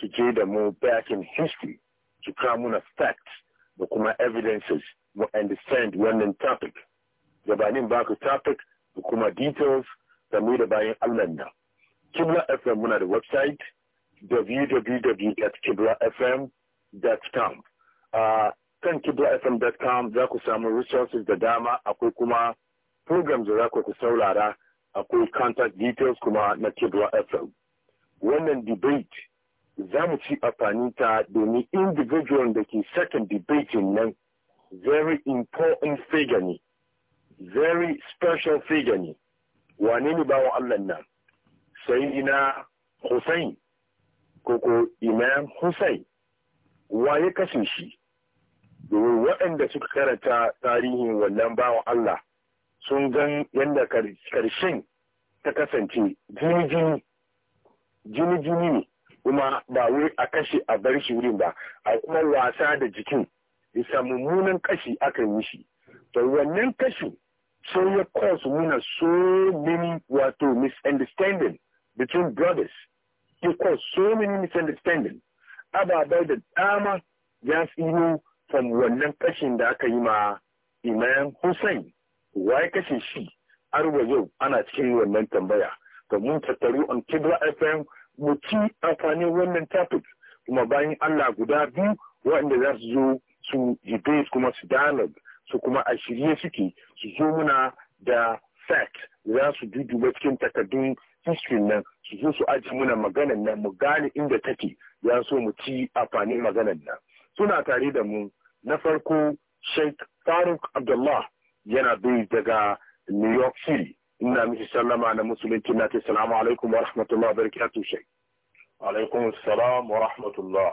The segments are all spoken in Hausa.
su je da mu back in history su kawo muna facts da kuma evidences mu understand wannan topic gabanin ba ku topic da kuma details da mu da bayan Allah na Kibla FM muna da website www.kiblafm.com kan kiblafm.com za ku samu resources da dama akwai kuma programs da za ku saurara akwai contact details kuma na Kibla FM wannan debate za mu ci amfani ta domin individual da ke second debating nan very important figure ne very special figure ne wane ne bawan Allah nan sai ina Hussein koko Imam Hussein waye kashe shi domin waɗanda suka karanta tarihin wannan bawa Allah sun gan yadda karshen ta kasance jini-jini jini-jini ne kuma ba wai a kashe a bar shi wurin ba a kuma wasa da jikin isa mummunan kashi aka yi shi to wannan kashi so ya cause muna so many wato misunderstanding between brothers ya cause so many misunderstanding ababai da dama ya tsino from wannan kashin da aka yi ma Imam Hussein wai kashe shi har wa yau ana cikin wannan tambaya to mun tattaru on Kibra FM mu ci amfanin wannan topic kuma bayan Allah guda biyu waɗanda za su zo su base kuma su dialogue su kuma a shirye suke su zo muna da fact za su duduba cikin takardun history nan su zo su aji muna maganan nan mu gane inda take ya so mu ci amfanin maganan nan suna tare da mu na farko Sheikh Faruk Abdullah yana bai daga New York City ina miki sallama na musulunci na ce salamu alaikum wa rahmatullah shek alaikum salam wa rahmatullah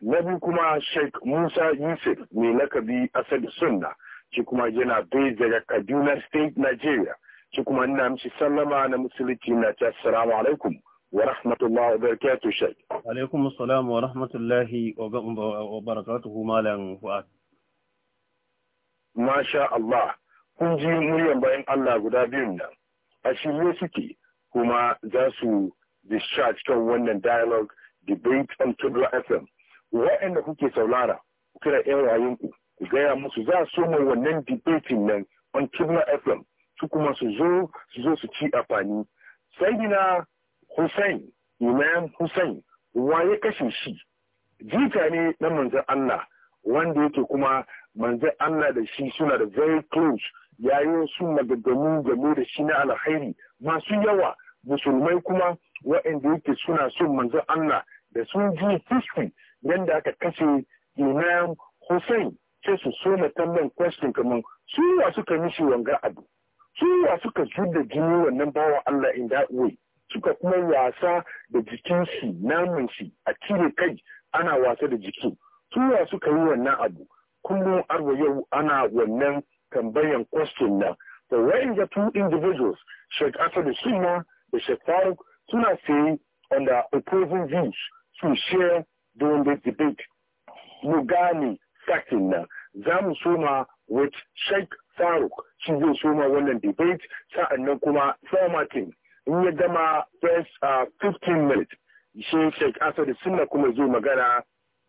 na kuma sheik musa yusuf mai lakabi asali sunna shi kuma yana bai daga kaduna state nigeria shi kuma ina mishi sallama na musulunci na ce alaikum wa wa shek alaikum wa rahmatullahi wa barakatuhu malam fuad masha Allah kun ji muryan bayan Allah guda biyun nan a shirye suke kuma za su discharge kan wannan dialogue debate on tubular FM waɗanda kuke saulara kira yan rayunku ku gaya musu za su mai wannan debating nan on tubular FM su kuma su zo su zo su ci amfani sayyidina Hussein Imam Hussein wa ya kashe shi jita ne na manzon Allah wanda yake kuma manzon Allah da shi suna da very close yayin su magagamu game da shi na alkhairi masu yawa musulmai kuma waɗanda yake suna son manzon Allah da sun ji history yadda aka kashe Imam Hussein sai su na tambayan question kaman su wa suka mishi wanga abu su wa suka da jini wannan bawa Allah in that way suka kuma wasa da jikin shi namun shi a cire kai ana wasa da jiki su wa suka yi wannan abu kullum arwa yau ana wannan tambayan question na to wa'inda two individuals Sheikh Asadu Sunna da Sheikh Faruk suna see on the opposing views to share during this debate. Mu gane sakin na za with Sheikh Faruk shi zai soma the debate sa'annan kuma formatting in ya gama first uh, 15 minutes shi Sheikh Asadu Sunna kuma zai magana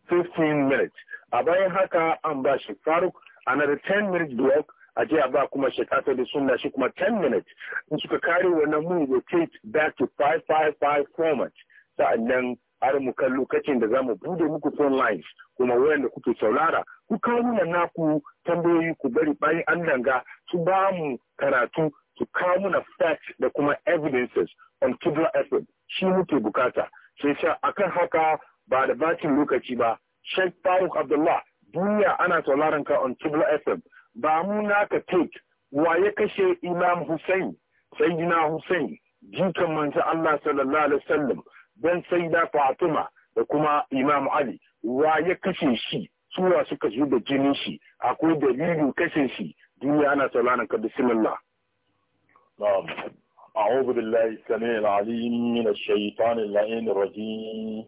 15 minutes. Abaya haka an Sheikh Faruk another 10 minutes block a je a ba kuma Sheikh da Sunna shi kuma 10 minutes in suka kare wannan mu rotate back to 555 format sa'annan har mu kan lokacin da zamu bude muku phone lines kuma wayanda kuke saurara ku kawo mana naku tambayoyi ku bari bayan an danga su ba mu karatu su kawo mana facts da kuma evidences on Kibla FM shi muke bukata sai sha akan haka ba da bacin lokaci ba Sheikh Faruk Abdullah duniya ana sauraron ka on tubular FM ba mu naka tape wa ya kashe Imam Hussein Sayyidina Hussein jikan manzo Allah sallallahu alaihi wasallam dan Sayyida Fatima da kuma Imam Ali wa ya kashe shi suwa suka zo da jinin shi akwai dalilin kashe shi duniya ana sauraron ka bismillah أعوذ بالله السميع العليم من الشيطان اللعين الرجيم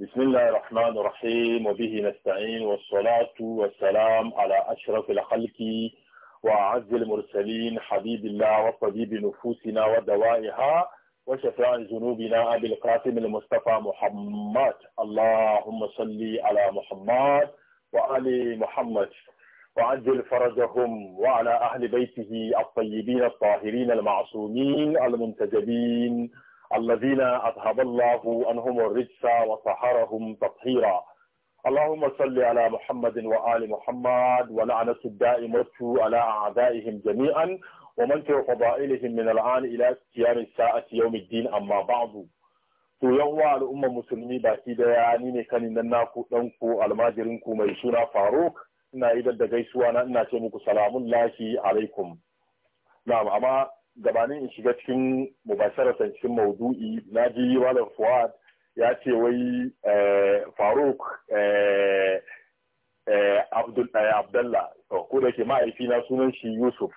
بسم الله الرحمن الرحيم وبه نستعين والصلاة والسلام على أشرف الخلق وأعز المرسلين حبيب الله وطبيب نفوسنا ودوائها وشفاء ذنوبنا أبي القاسم المصطفى محمد اللهم صل على محمد وآل محمد وعجل فرجهم وعلى أهل بيته الطيبين الطاهرين المعصومين المنتجبين الذين أذهب الله عنهم الرجس وطهرهم تطهيرا اللهم صل على محمد وآل محمد ولعنة الدائمة على أعدائهم جميعا ومن في فضائلهم من الآن إلى قيام الساعة يوم الدين أما بعد to yawa al'ummar musulmi baki daya ni ne kanin nan naku ɗanku almajirinku mai suna faruk ina idar da gaisuwa na ina ce muku salamun lahi alaikum na'am amma gabanin in shiga cikin san cikin maudu'i na ji malam fuad ya ce wai eh, faruk eh, eh, abdullah ko da ke ma'aifi na sunan shi yusuf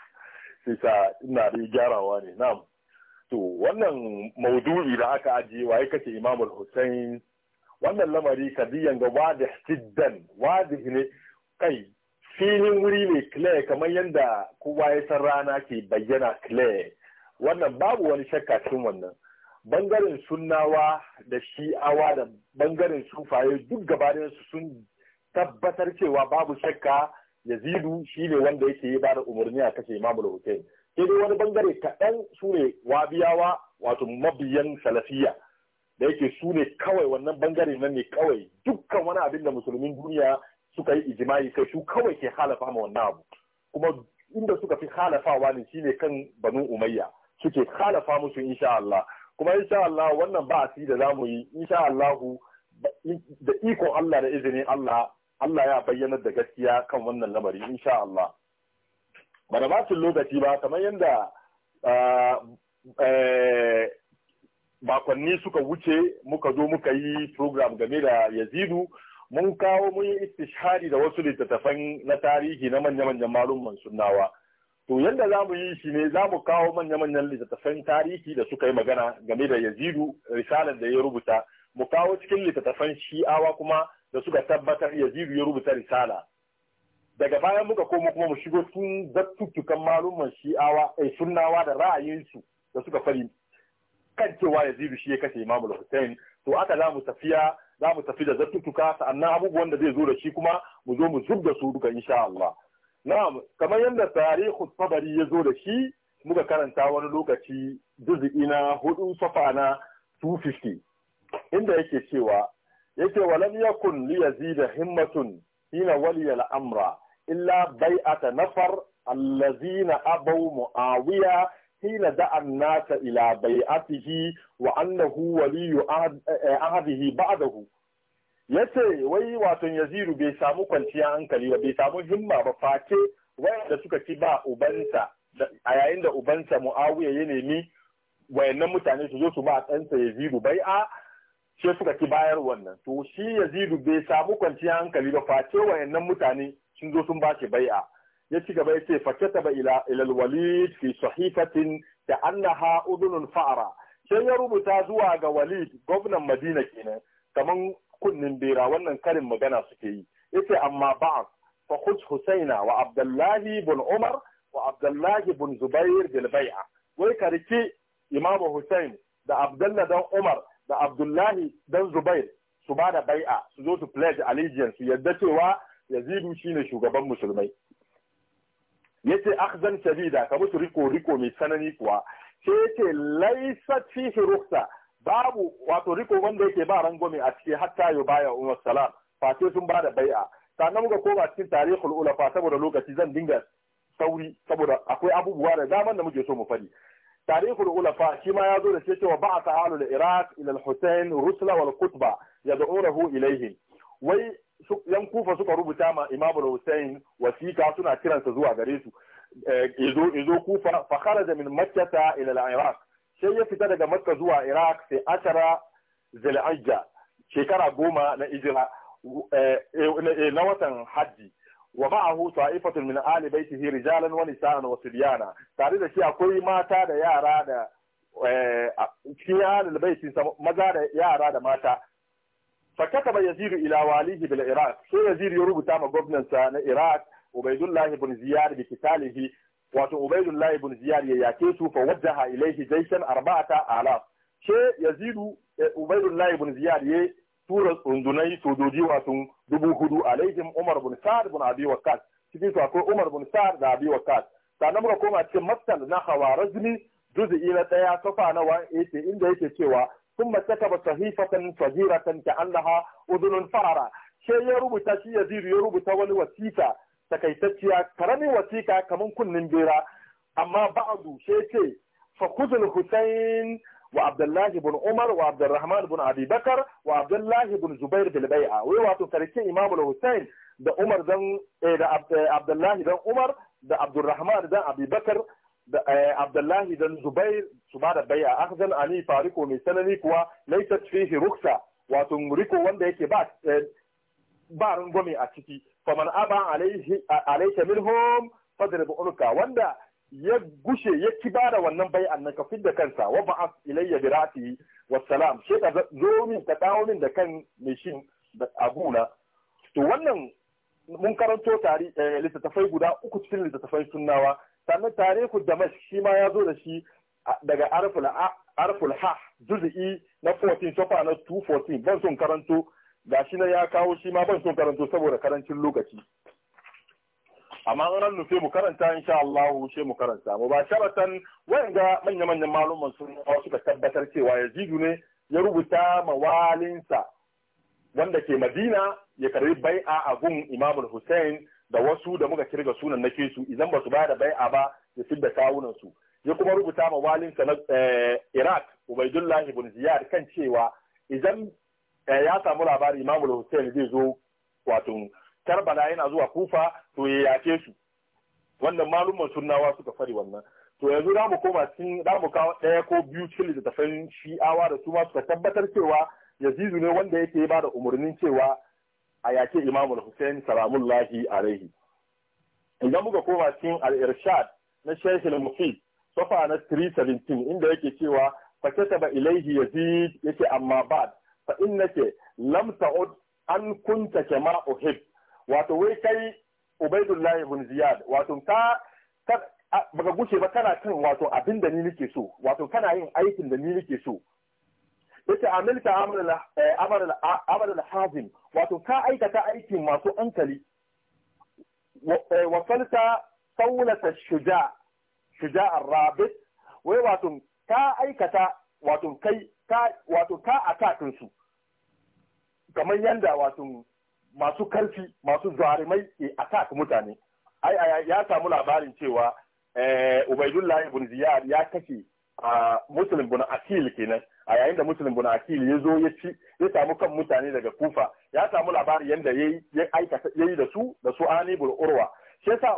Sai sa ina da gyarawa ne nam to wannan maudu'i da aka ajiye waye kace imamul hussein wannan lamari kadiyan ga wadih siddan wadih ne kai filin wuri ne clear kamar yadda kowa ya san rana ke bayyana clear wannan babu wani shakka cikin wannan bangaren sunnawa da shi'awa da bangaren sufaye duk su sun tabbatar cewa babu shakka yazidu shine wanda yake yi bada umarni a kashe da hussein sai dai wani bangare kaɗan su ne wabiyawa wato mabiyan salafiya da yake su ne kawai wannan bangare nan ne kawai dukkan wani abin da musulmin duniya suka yi ijimai kai su kawai ke halafa ma wannan abu kuma inda suka fi halafawa ne shine kan banu umayya suke halafa musu insha Allah kuma insha Allah wannan ba da zamu yi insha Allah da iko Allah da izinin Allah Allah ya bayyana da gaskiya kan wannan lamari insha Allah bana su lokaci ba kamar yadda eh, eh, bakwanni suka wuce muka zo muka yi program game da yazidu mun kawo mun yi istishhari da wasu littattafan na tarihi na manya-manyan malumman sunnawa to yadda za mu yi shi ne za mu kawo manya-manyan littattafan tarihi da suka yi magana game da yazidu risalar da ya rubuta mu kawo cikin littattafan shi'awa kuma da suka tabbatar yazidu ya rubuta risala daga bayan muka koma kuma mu shigo tun zattuttukan malumman shi'awa ai eh, sunnawa da ra'ayinsu da suka fari kan cewa yazidu shi ya kashe imamul hussein to aka za mu tafiya za mu tafi da zartuttuka, sa'annan abubuwan da zai zo da shi kuma mu zo mu zub da su duka insha Allah na'am kamar yadda tarihu sabari ya zo da shi muka karanta wani lokaci juz'i na hudu safa na 250 inda yake cewa yake walam yakun li yazida himmatun hina waliya amra illa bai'ata nafar allazina abaw muawiya hina da'an nasa ila bai bai'atihi wa annahu waliyu ahadihi eh, ba'dahu yace wai wato yaziru bai samu kwanciya hankali ba bai samu himma ba face wanda suka ci ba ubansa a yayin da ubansa muawiya ya nemi wayannan mutane su zo su ba ɗansa yaziru bai a ce suka ci bayar wannan to shi yazidu bai samu kwanciyar hankali ba face wayannan mutane sun zo sun ba shi bai'a ya ci gaba ya fa kataba ba ila walid fi sahifatin ka annaha udunun fa'ara sai ya rubuta zuwa ga walid gwamnan madina kenan kaman kunnin bera wannan karin magana suke yi yace amma ba'a fa husaina wa abdullahi bin umar wa abdullahi bin zubair bil bai'a wai ka riki imam husain da abdullahi dan umar da abdullahi dan zubair su ba da bai'a su zo su pledge allegiance su yadda cewa yazidu shine shugaban musulmai yace akhzan shadida ka musu riko riko mai tsanani kuwa sai ce laysat fihi ruksa babu wato riko wanda yake ba rangwame a ciki hatta yu baya umar salam fa sun ba da bai'a sannan muka koma cikin tarihul ulafa saboda lokaci zan dinga sauri saboda akwai abubuwa da daman da muke so mu fadi tarihul ulafa shi ma ya zo da shi cewa ba'a sahalu da iraq ila al-husayn rusla wal qutba yad'unahu ilayhi wai yan kufa suka rubuta ma imamu hussein wasika suna kiransa zuwa gare su izo eh, kufa fa kharaja min makkata ila iraq sai ya fita daga makka zuwa iraq sai ashara zilhijja shekara goma na ijira eh, eh, na watan hajji wa ma'ahu ta'ifatun min ali baitihi rijalan wa nisa'an wa sibyana tare da shi akwai mata da yara da cikin ahlul baiti maza da yara da mata fakataba yazidu ila walihi a iraq sai yazidu ya rubuta ma gwamnansa na iraq ubaidullah ibn ziyad bi kitalihi wato ubaidullah ibn ziyad ya yake su fa wajjaha ilaihi jayshan arba'ata alaf sai yazidu ubaidullah ibn ziyad ya tura rundunai sojoji wato dubu hudu alaihim umar bin sa'ad bin abi waqqas cikin su umar bin sa'ad da abi waqqas sannan muka koma cikin masal na khawarizmi juz'i na daya safa na 180 inda yake cewa ثم كتب صحيفة صغيرة كأنها أذن فررة sai ya rubuta shi yaziru ya rubuta wani wasiƙa takaitacciya karamin wasiƙa kamar kunnen bera amma ba'adu sai ce fa kuzul husain wa abdullahi bin umar wa abdurrahman bin abi bakar wa abdullahi bin zubair Bilbaia." wai wato sarki imamul husain da umar dan da abdullahi dan umar da abdurrahman dan abi Eh, Abdullahi dan Zubair su ba da bai'a akhzan Ali, fariko mai sanani kuwa laisa fihi ruksa wato riko wanda yake ba eh, ba a ciki faman aba alaika minhum fadrib unka wanda ya gushe ya kiba da wannan bai'an nan ka fidda kansa wa ba'as ilayya bi ra'sihi wassalam sai ka zo min ka dawo min da kan mai shin abuna to wannan mun karanto tare eh, littattafai guda uku cikin littattafai sunnawa sannan tarihu damash shi ma ya zo da shi daga arful ha juzi'i na 14 sofa na 214 ban son karanto ga shi na ya kawo shi ma ban son karanto saboda karancin lokaci amma an ran nufe mu karanta insha Allah she mu karanta mu ba sharatan wayanga manya manyan maluman sun suka tabbatar cewa Yazidu ne ya rubuta mawalinsa wanda ke Madina ya karbi bai'a a gun Imam Hussein da wasu da muka kirga sunan na su idan ba su ba da bai'a ba ya fidda kawunan su ya kuma rubuta ma walinsa na eh, Iraq ubaidullahi ibn Ziyar kan cewa idan eh, ya samu labari Imam Hussein zai zo wato Karbala yana zuwa Kufa to ya yake su wannan malumman sunnawa suka fari wannan to yanzu za mu koma cikin za mu kawo ɗaya ko biyu cikin littattafan shi'awa da su ma suka tabbatar cewa yazizu ne wanda yake ba da umarnin cewa a yake imamul hussein salamullahi alaihi idan muka koma cikin al-irshad na sheikh al-mufid safa na 317 inda yake cewa fa kataba ilaihi yazid yake amma ba'd fa innaka lam ta'ud an kunta kama uhib wato wai kai ubaidullah ibn ziyad wato ka baka gushe ba kana kan wato abin da ni nake so wato kana yin aikin da ni nake so yace amilta al eh, hazim wato ka aikata aikin masu hankali wasalta eh, saulata shuja shuja rabit wai wato ka aikata wato kai ka wato ka atakin su kamar yanda wato masu karfi masu zarimai ke ta mutane ai ya samu labarin cewa eh, ubaidullahi ibn Ziyad ya kashe a ah, Muslim ibn Asil kenan a yayin da musulun bin akil ya zo ya ci ya samu kan mutane daga kufa ya samu labarin yadda ya yi da su da su ani urwa shi yasa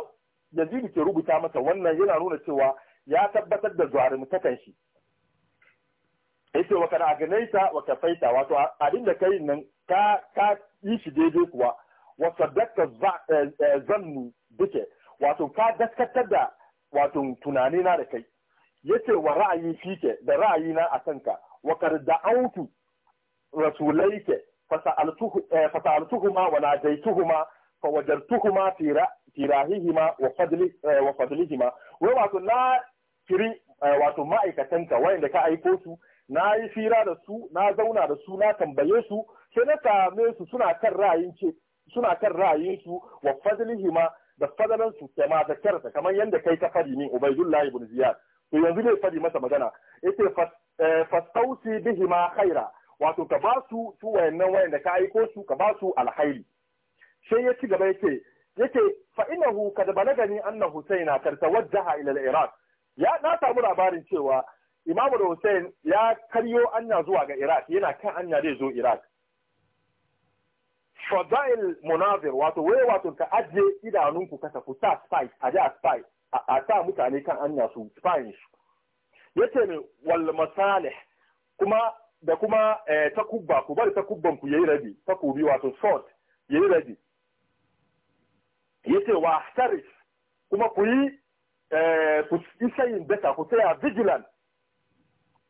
yanzu ke rubuta masa wannan yana nuna cewa ya tabbatar da zuwarin shi ya ce wa kana ta wa kafaita wato abin da kai nan ka ka yi shi daidai kuwa wa saddaqta eh, eh, zannu duke wato ka daskatar da wato tunanina da kai yace wa ra'ayi fike da ra'ayina na a kanka wa qad da'awtu rasulayka fasa'altuhu fasa'altuhuma wa nadaytuhuma fawajartuhuma fi rahihima wa fadlihima wai wato na kiri wato ma'aikatanka wayanda ka aiko su na yi fira da su na zauna da su na tambaye su sai na same su suna kan ra'ayin ce suna kan ra'ayin su wa fadlihima da fadalan su da karsa kamar yadda kai ka fadi min ubaidullahi ibn ziyad to yanzu zai fadi masa magana yace eh, fastausi ma khaira wato ka ba su su wayannan wayanda ka aiko su ka ba su alhaili sai ya ci gaba yace yake fa innahu kad balagani anna husaina kad tawajjaha ila al-iraq ya na samu labarin cewa imamu da ya karyo anya zuwa ga iraq yana kan anya zai zo iraq fadail munazir wato wai wato ka ajiye idanunku ka tafi sa spice a jiya spice a sa mutane kan anya su fahim su yace ne wal masalih kuma da kuma eh, takubba ku bari takubban ku yayi rabi takubi wato sort yayi rabi yace wa ahtarif kuma ku yi eh, ku isayin data ku tsaya vigilant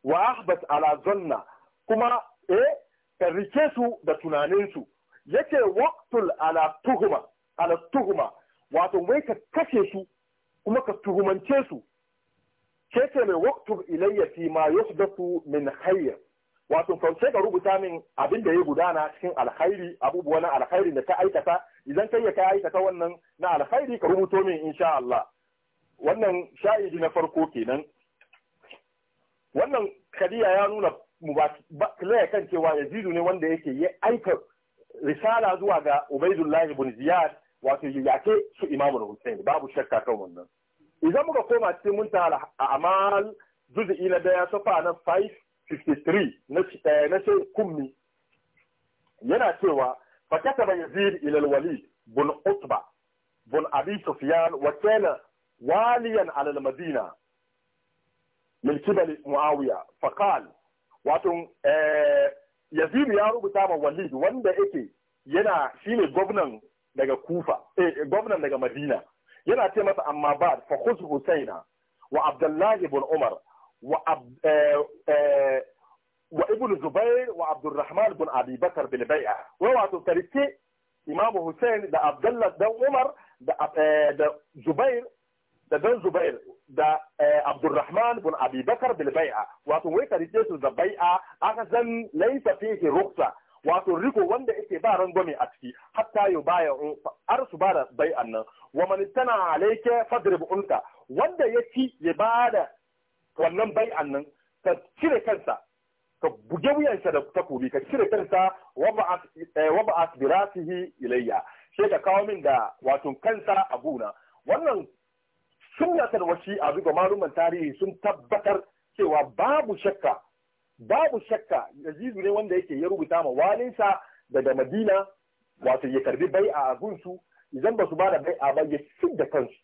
wa ahbat ala zanna kuma eh rike su da tunaninsu yace waktul ala tuhuma ala tuhuma wato wai ka kashe su kuma ka tuhumance su ke mai waktub ilayya fi ma yusdatu min khayr wato fauce ka rubuta min abin da ya gudana cikin alkhairi abubuwan alkhairi da ka aikata idan kai ya ka aikata wannan na alkhairi ka rubuto min insha Allah wannan sha'idi na farko kenan wannan kadiya ya nuna clear kan cewa yazidu ne wanda yake ya aika risala zuwa ga ubaidullahi bin ziyad wato yake su imamu hussein babu shakka kan wannan idan muka koma cikin munta a amal juzi'i na daya safa na 553 eh, na ce kummi yana cewa fakata bai zir ilal wali bun utba bun abi sufyan wa kana waliyan alal madina min kibali muawiya faqal wato eh, yazid ya rubuta ma walid wanda yake yana shine gwamnan daga kufa eh gwamnan daga madina yana ce masa amma ba fa khuz husaina wa abdullahi ibn umar wa ab eh, eh, wa ibn zubair wa abdurrahman ibn abi bakr bil bai'a wa wato tarike imam husain da abdullah dan umar da eh, da zubair da dan zubair da abdurrahman ibn abi bakr bil bai'a wato wai tarike su da bai'a aka san laysa fihi ruksa wato riko wanda yake ba rangwame a ciki hatta yau baya har su ba da bai annan wa man tana alayka fadrib unka wanda ya ci ya ba da wannan bai annan ka cire kansa ka buge wuyansa da takobi ka cire kansa wa ba asbirasihi eh, ilayya sai ka kawo min da wato kansa a gona wannan sunnatar wasi a zuga maluman tarihi sun tabbatar cewa babu shakka babu shakka yazidu ne wanda yake ya rubuta ma walinsa daga madina wato ya karbi bai a gunsu idan ba su ba da bai a ba ya da kansu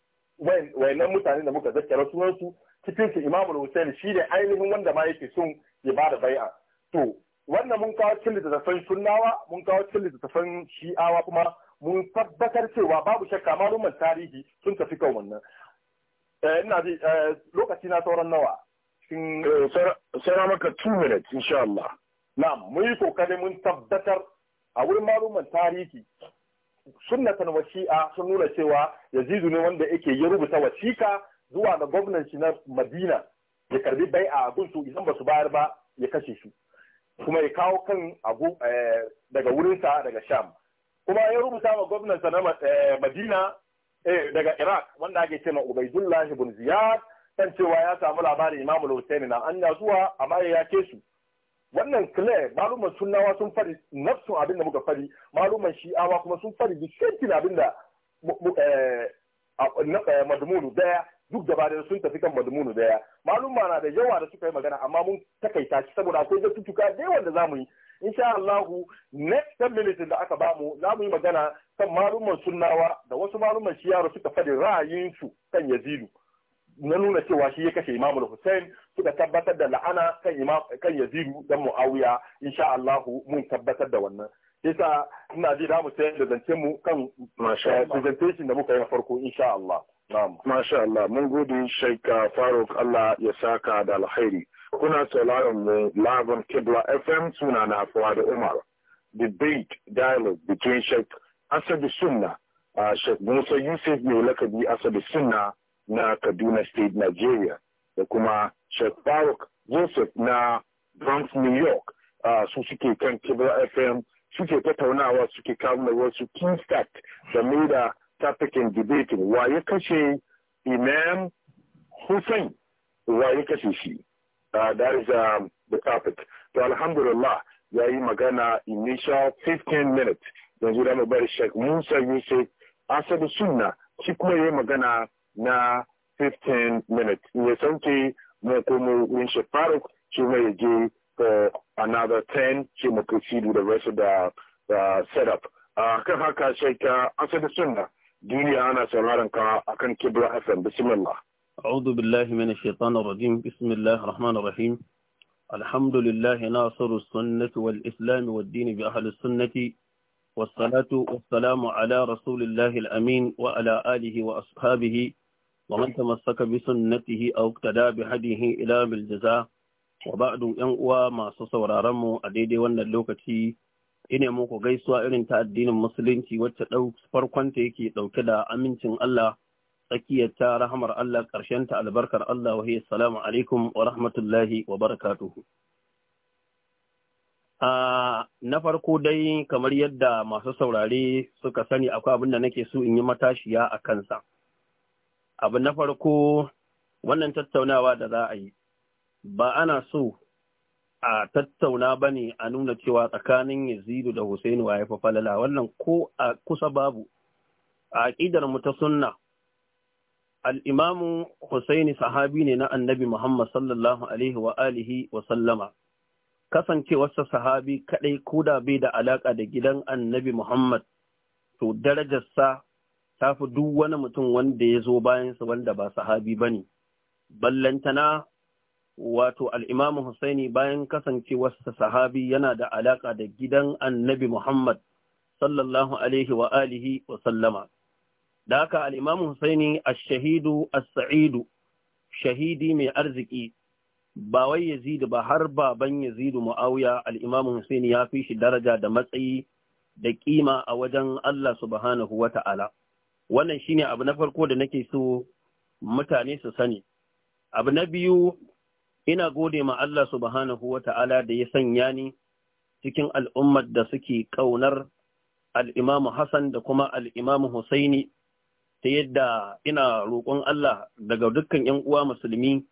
wayannan mutane da muka zakkara sunansu cikin su imamu hussein shi ne ainihin wanda ma yake son ya ba da bai'a to wannan mun kawo cikin littattafan sunnawa mun kawo cikin littattafan shi'awa kuma mun tabbatar cewa babu shakka maluman tarihi sun tafi kan wannan eh, ina ji eh, lokaci na sauran nawa cikin eh, maka two minutes insha na mun yi kokarin mun tabbatar a wurin maluman tarihi sunnatan wasi'a sun nuna cewa yazidu ne wanda yake ya rubuta wasiƙa zuwa ga gwamnan shi na Madina ya karbi bai a su, idan ba su bayar ba ya kashe su kuma ya kawo kan abu eh, daga wurinsa daga Sham kuma ya rubuta wa gwamnan sa na eh, Madina daga Iraq wanda ake cewa Ubaidullah ibn Ziyad kan cewa ya samu labarin Imam Al-Husaini na an ya a maye ya kesu wannan clear maluman sunnawa sun fari nafsun abin da muka fari maluman shi'awa kuma sun fari bishantin abin da eh, eh, madmunu daya duk gaba da sun tafi kan madmunu daya maluma na da yawa da suka yi magana amma mun takaita shi saboda akwai zattutuka da yawan da zamu yi insha Allahu next 10 minutes da aka bamu za mu yi magana kan maluman sunnawa da wasu maluman shi'awa suka ra'ayin ra'ayinsu kan yazidu na nuna cewa shi ya kashe Imam Hussein suka tabbatar da la'ana kan kan Yazidu dan Muawiya insha Allah mun tabbatar da wannan yasa ina ji da mu sai da zance mu kan eh, presentation da muka yi na farko insha Allah masha Allah mun gode Sheikh Faruk Allah ya saka da alkhairi kuna sauraron mu Laban Kibla FM suna na da Umar debate dialogue between Sheikh Asad Sunna uh, Sheikh Musa Yusuf mai lakabi Asad Sunna na Kaduna State, Nigeria, da kuma Sheikh Faruk Joseph na Bronx, New York, ah, su suke kan Kibra FM suke tattaunawa suke kawo wasu key fact game da tafikin debating wa ya kashe Imam Hussein wa ya kashe shi. Ah, that is um, the topic. To alhamdulillah ya yi magana initial 15 minutes yanzu da mu bari Sheikh Musa Yusuf Asadu Sunna shi kuma ya yi magana na 15 minutes ya sauke mu komo wurin shi faruk shi ma for another 10 shi mu proceed with the rest of the uh, setup uh, kan haka sai ka asali sunna duniya ana sauraron ka akan kibra fm bismillah أعوذ بالله من الشيطان الرجيم بسم الله الرحمن الرحيم الحمد لله ناصر السنة والإسلام والدين بأهل السنة والصلاة والسلام على رسول الله الأمين وعلى آله وأصحابه ومن تمسك بسنته أو اقتدى بهديه إلى بالجزاء وبعد uwa ما سسور رمو أديدي wannan اللوكتي ine muku gaisuwa irin ta addinin musulunci wacce farkon ta yake ɗauke da amincin Allah tsakiyar ta rahmar Allah karshen ta albarkar Allah wahiyar salamu alaikum wa rahmatullahi wa barakatuhu. na farko dai kamar yadda masu saurare suka sani akwai abin da nake so in yi matashiya a kansa. abu na farko wannan tattaunawa da za a yi ba ana so a tattauna ba ne a nuna cewa tsakanin yazidu da husainu wa haifa falala wannan ko a kusa babu a aƙidar mu ta sunna al'imamu husaini sahabi ne na annabi muhammad sallallahu alaihi wa alihi wa sallama kasancewarsa sahabi kaɗai ko da bai da alaƙa da gidan annabi muhammad to darajarsa ta fi duk wani mutum wanda ya zo bayansa wanda ba sahabi ba ne. Ballantana wato al'imamu Husaini bayan kasancewarsa sahabi yana da alaƙa da gidan annabi Muhammad sallallahu alaihi wa alihi wa sallama. Da haka al'imamu Husaini a shahidu a saidu shahidi mai arziki, ba wai Yazidu ba har baban Yazidu ma'auya al'imamu Husaini ya fi shi daraja da matsayi da ƙima a wajen Allah subhanahu wa ta'ala. wannan shi ne abu na farko da nake so mutane su sani abu na biyu ina gode ma Allah subhanahu wa ta'ala da ya sanya ni cikin al'ummar da suke ƙaunar al'imamu Hassan da kuma al'imamu Husaini ta yadda ina roƙon Allah daga dukkan ‘yan uwa musulmi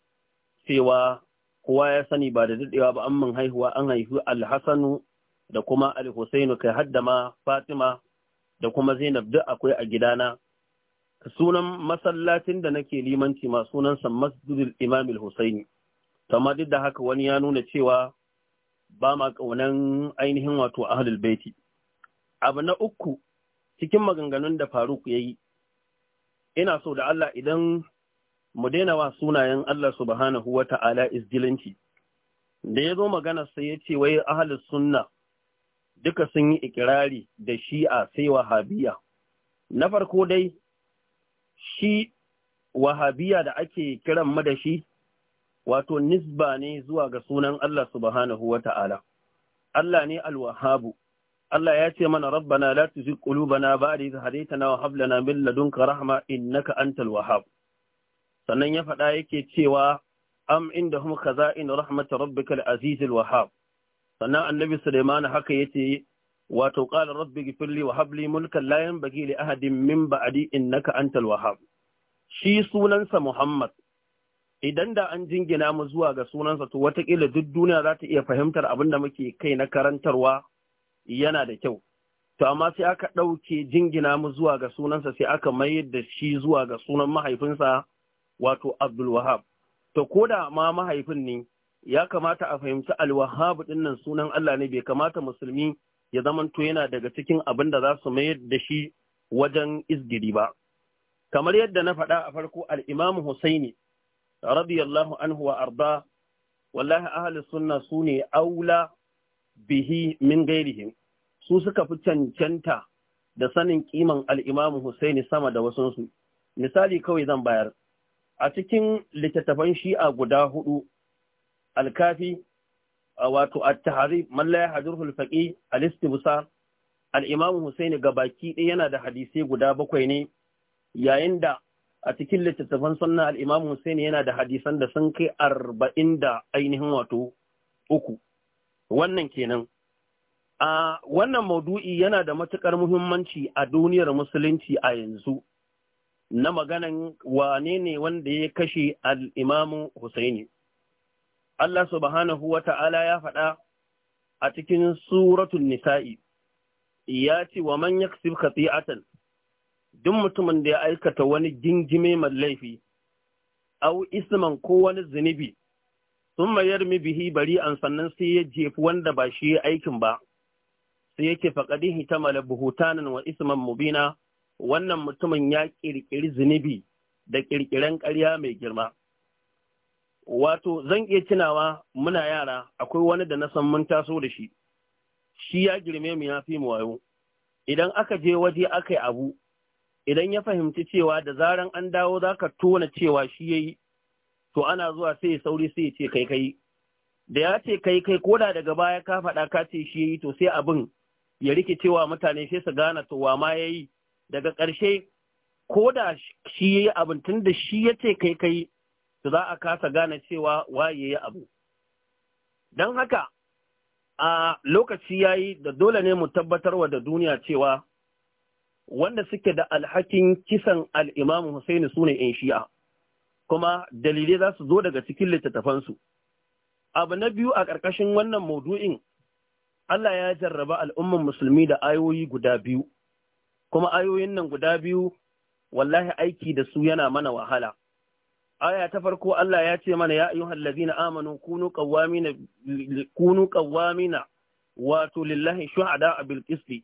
cewa kowa ya sani ba da daɗewa ba an min haihuwa an haihu al da kuma al-Husainu kai haddama Fatima da kuma Zainab duk akwai a gidana sunan masallacin da nake limanci ma sunansa Masjidul Imam Al-Husaini amma duk da haka wani ya nuna cewa ba ma kaunan ainihin wato Ahlul Baiti abu na uku cikin maganganun da Faruk ya yi. ina so da Allah idan mu daina wa sunayen Allah subhanahu wa ta'ala izgilanci da ya zo magana sai ya ce wai ahlus sunna duka sun yi ikirari da shi'a sai wahabiya. Na farko dai, shi wahabiya da ake kiran mu da shi, wato nisba ne zuwa ga sunan Allah subhanahu wa ta'ala. Allah ne alwahabu, Allah ya ce mana rabbana la tuzigh qulubana ba'da idh hadaytana wa hab lana min ladunka rahma innaka antal wahhab. Sannan ya faɗa yake cewa am indahum khaza'in rahmatir rabbikal azizil wahhab. sannan annabi Suleiman haka ya ce, wato qala rabbi gifirli wa habli mulkan la yanbaghi li ahadin min ba'di innaka antal wahhab shi sunansa Muhammad idan da an jingina mu zuwa ga sunansa to watakila duk duniya za ta iya fahimtar abin da muke kai na karantarwa yana da kyau to amma sai aka ɗauke jingina mu zuwa ga sunansa sai aka mayar da shi zuwa ga sunan mahaifinsa wato Abdulwahab. to ko da ma mahaifin ne ya kamata a fahimci alwahab dinnan sunan Allah ne bai kamata musulmi ya zamanto yana daga cikin abin da za su mayar da shi wajen izgiri ba kamar yadda na faɗa a farko al-Imam Husaini radiyallahu anhu wa arda wallahi ahli sunna sune aula bihi min gairihim su suka fi cancanta da sanin kiman al-Imam Husaini sama da wasunsu misali kawai zan bayar a cikin littattafan shi'a guda hudu alkafi wato at-tahzib man la yahdurhu al-faqih al-istibsar al-imam Husaini gabaki ɗaya yana da hadisai guda bakwai ne yayin da a cikin littattafan sunna al-imam Husaini yana da hadisan da sun kai arba'in da ainihin wato uku wannan kenan a wannan maudu'i yana da matukar muhimmanci a duniyar musulunci a yanzu na maganan wane ne wanda ya kashe al-imam Husaini Allah subhanahu wa ta'ala ya faɗa a cikin suratun nisa'i, ya ce wa man ya khati'atan duk mutumin da ya aikata wani gingime mai laifi, au isman ko wani zunubi, sun mayar mi bihi bari an sannan sai ya jefi wanda ba shi aikin ba, sai yake faƙaɗin hitamala buhutanan wa isman mubina, wannan mutumin ya ƙirƙiri zunubi da ƙirƙiren ƙarya mai girma. wato zan iya tunawa muna yara akwai wani da na san mun taso da shi shi ya girme mu ya fi mu wayo idan aka je waje aka yi abu idan ya fahimci cewa da zaran an dawo za ka tona cewa shi ya yi to ana zuwa sai ya sauri sai ya ce kai kai da ya ce kai kai koda daga baya ka faɗa ka ce shi ya yi to sai abin ya rike cewa mutane sai su gane to wa ma ya yi daga ƙarshe ko da shi ya yi abin tun da shi ya ce kai kai Su za a kasa gane cewa waye ya abu. Don haka, a lokaci ya yi da dole ne mu tabbatar wa da duniya cewa wanda suke da alhakin kisan al'imamu Hussaini su ne ‘yan shi'a, kuma dalilai za su zo daga cikin littattafansu. Abu na biyu a ƙarƙashin wannan maudu'in, Allah ya jarraba al'umman musulmi da ayoyi guda biyu, kuma ayoyin nan guda biyu, wallahi aiki da su yana mana wahala. aya ta farko Allah ya ce mana ya ayyuhal ladina amanu kunu qawamina kunu qawamina wato lillahi shuhada bil qisti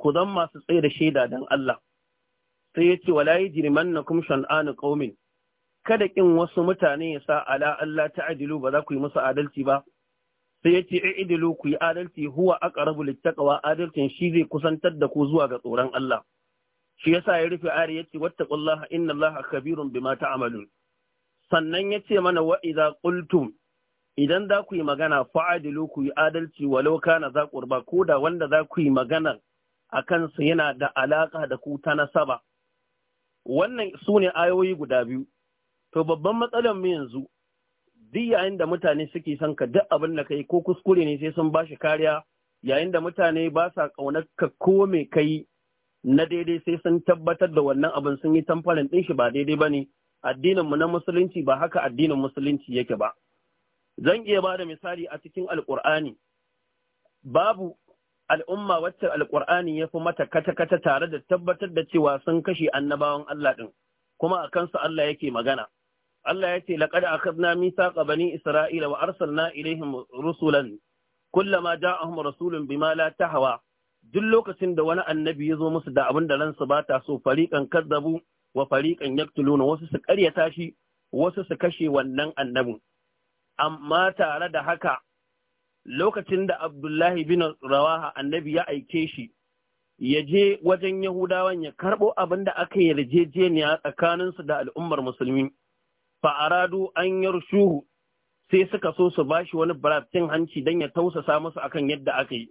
ku zan masu tsaye da shaida dan Allah sai ya ce wala yajrimannakum shan'anu qaumin kada kin wasu mutane ya sa ala Allah ta'dilu ba za ku yi musu adalci ba sai ya ce i'dilu ku yi adalci huwa aqrabu littaqwa adalcin shi zai kusantar da ku zuwa ga tsoron Allah shi yasa ya rufe ayar yace wattaqullaha innallaha khabirun bima ta'malun sannan ya ce mana wa'iza ƙultum idan za ku yi magana fa'adilu ku yi adalci walau na za ƙurba ko da wanda za ku yi magana a kansu yana da alaƙa da ku ta nasaba. Wannan su ne ayoyi guda biyu. To babban matsalar mu yanzu duk yayin da mutane suke son ka duk abin da kai ko kuskure ne sai sun ba shi kariya yayin da mutane ba sa ƙaunar ka ko me kai na daidai sai sun tabbatar da wannan abin sun yi tamfarin ɗin shi ba daidai ba ne addinin mu na musulunci ba haka addinin musulunci yake ba. Zan iya ba da misali a cikin Alƙur'ani, babu al'umma wacce Alƙur'ani ya fi mata kata-kata tare da tabbatar da cewa sun kashe annabawan Allah ɗin, kuma a kansu Allah yake magana. Allah ya ce, laƙad a kadna misa bani Isra'ila wa arsalna ilaihim rusulan, kullama ja'ahum rasulun bima la tahwa duk lokacin da wani annabi ya zo musu da abin da ransu ba ta so kan kazzabu wa fariƙan yaqtuluna wasu su ƙaryata shi wasu su kashe wannan annabin amma tare da haka lokacin da Abdullahi bin Rawaha annabi ya aike shi ya je wajen Yahudawan ya karɓo abin da aka yarjejeniya tsakaninsu da al'ummar musulmi fa'aradu an yarshuhu sai suka so su bashi wani barafin hanci don ya tausasa musu akan yadda aka yi.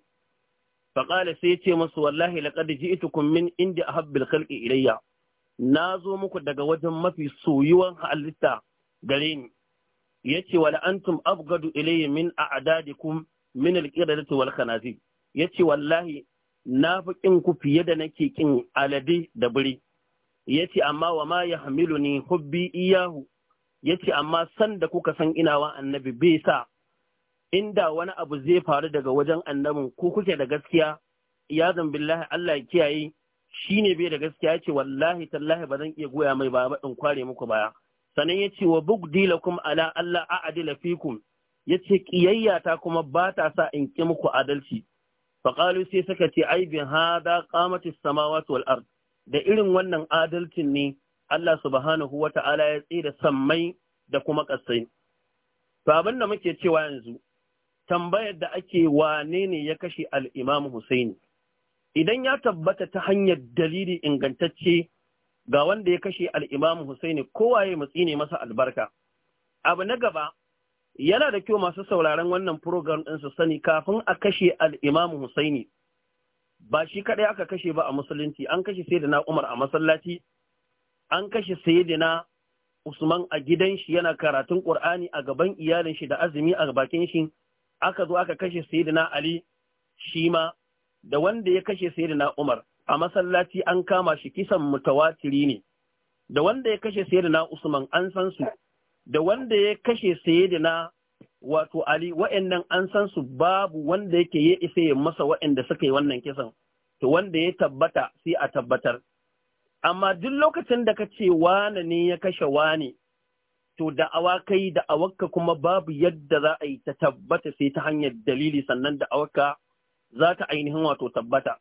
Faƙala sai ce masu wallahi laƙar ji ita min inda a habbil kalƙe ilayya. na zo muku daga wajen mafi soyuwan halitta gare ni yace wala antum abgadu ilayhi min a'dadikum min al-qiradati wal Ya yace wallahi na fi kin ku fiye da nake kin alade da biri yace amma wa ma yahmiluni hubbi iyahu yace amma san da kuka san ina wa annabi bai sa inda wani abu zai faru daga wajen annabin ko kuke da gaskiya ya billahi Allah ya kiyaye shi ne bai da gaskiya ya ce wallahi tallahi ba zan iya goya mai ba in kware muku baya sanan ya ce wa bugdi lakum ala Allah adila fikum ya ce kiyayya ta kuma ba ta sa in ki muku adalci faƙalu sai suka ce ai bin hada qamati samawati wal ard da irin wannan adalcin ne Allah subhanahu wa ta'ala ya tsira sammai da kuma ƙasai. To abin da muke cewa yanzu, tambayar da ake wane ne ya kashe al'imamu Husaini. idan ya tabbata ta hanyar dalili ingantacce ga wanda ya kashe al'imamu Husaini kowaye matsi ne masa albarka. Abu na gaba, yana da kyau masu sauraron wannan program ɗin su sani kafin a kashe al'imamu Husaini, ba shi kaɗai aka kashe ba a musulunci, an kashe na Umar a masallaci, an kashe na Usman a gidan shi yana karatun Ƙur'ani a gaban iyalin shi da azumi a bakin shi, aka zo aka kashe na Ali shi ma da wanda ya kashe sayyidina Umar a masallaci an kama shi kisan mutawatiri ne da wanda ya kashe sayyidina Usman an san su da wanda ya kashe sayyidina wato Ali wa'annan an san su babu wanda yake ya isa ya masa wa'anda suka yi wannan kisan to wanda ya tabbata sai a tabbatar amma duk lokacin da ka ce wane ne ya kashe wane to da'awa kai awakka kuma babu yadda za a yi ta tabbata sai ta hanyar dalili sannan da awakka za ta ainihin wato tabbata.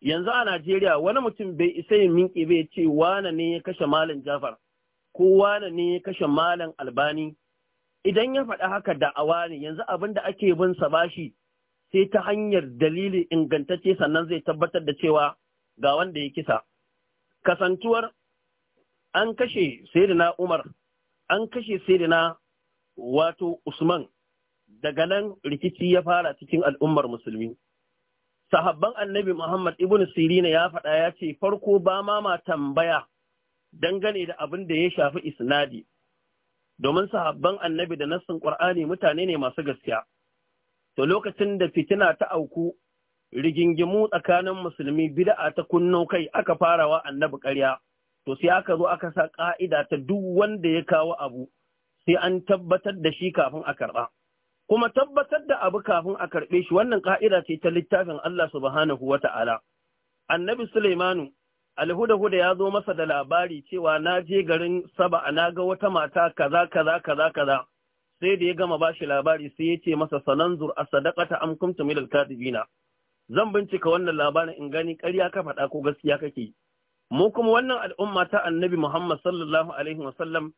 Yanzu a Najeriya wani mutum bai isa ya minke bai ce wane ne ya kashe malam Jafar ko wane ne ya kashe malam Albani. Idan ya faɗi haka da da'awa ne yanzu abin da ake bin sa bashi sai ta hanyar dalili ingantacce sannan zai tabbatar da cewa ga wanda ya kisa. Kasantuwar an kashe Sayyidina Umar, an kashe Sayyidina wato Usman, daga nan rikici ya fara cikin al'ummar musulmi. sahabban annabi Muhammad ibn Sirina ya faɗa ya ce farko ba ma ma tambaya dangane da abin da ya shafi isnadi domin sahabban annabi da nassin Qur'ani mutane ne masu gaskiya to lokacin da fitina ta auku rigingimu tsakanin musulmi bid'a ta kunno kai aka farawa annabi ƙarya to sai aka zo aka sa ka'ida ta duk wanda ya kawo abu sai an tabbatar da shi kafin a karɓa kuma tabbatar da abu kafin a karɓe shi wannan ka'ida ce ta littafin Allah subhanahu wa ta'ala. Annabi Suleimanu, alhuda-huda ya zo masa da labari cewa na je garin saba na ga wata mata kaza kaza kaza kaza sai da ya gama ba shi labari sai ya ce masa sananzur a sadakata am kuntum min Zan bincika wannan labarin in gani ƙarya ka faɗa ko gaskiya kake. Mu kuma wannan al'umma ta Annabi Muhammad sallallahu alaihi wa sallam.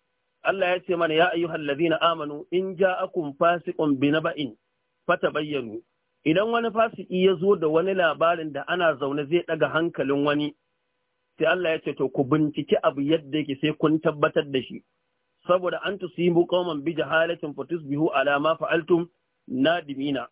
Allah ya ce mana ya ayyuhal ladina amanu in ja'akum fasiqun binaba'in fatabayyanu idan wani fasiki ya zo da wani labarin da ana zaune zai daga hankalin wani sai Allah ya ce to ku binciki abu yadda yake sai kun tabbatar da shi saboda an tusimu qauman bi jahalatin fatusbihu ala ma fa'altum nadimina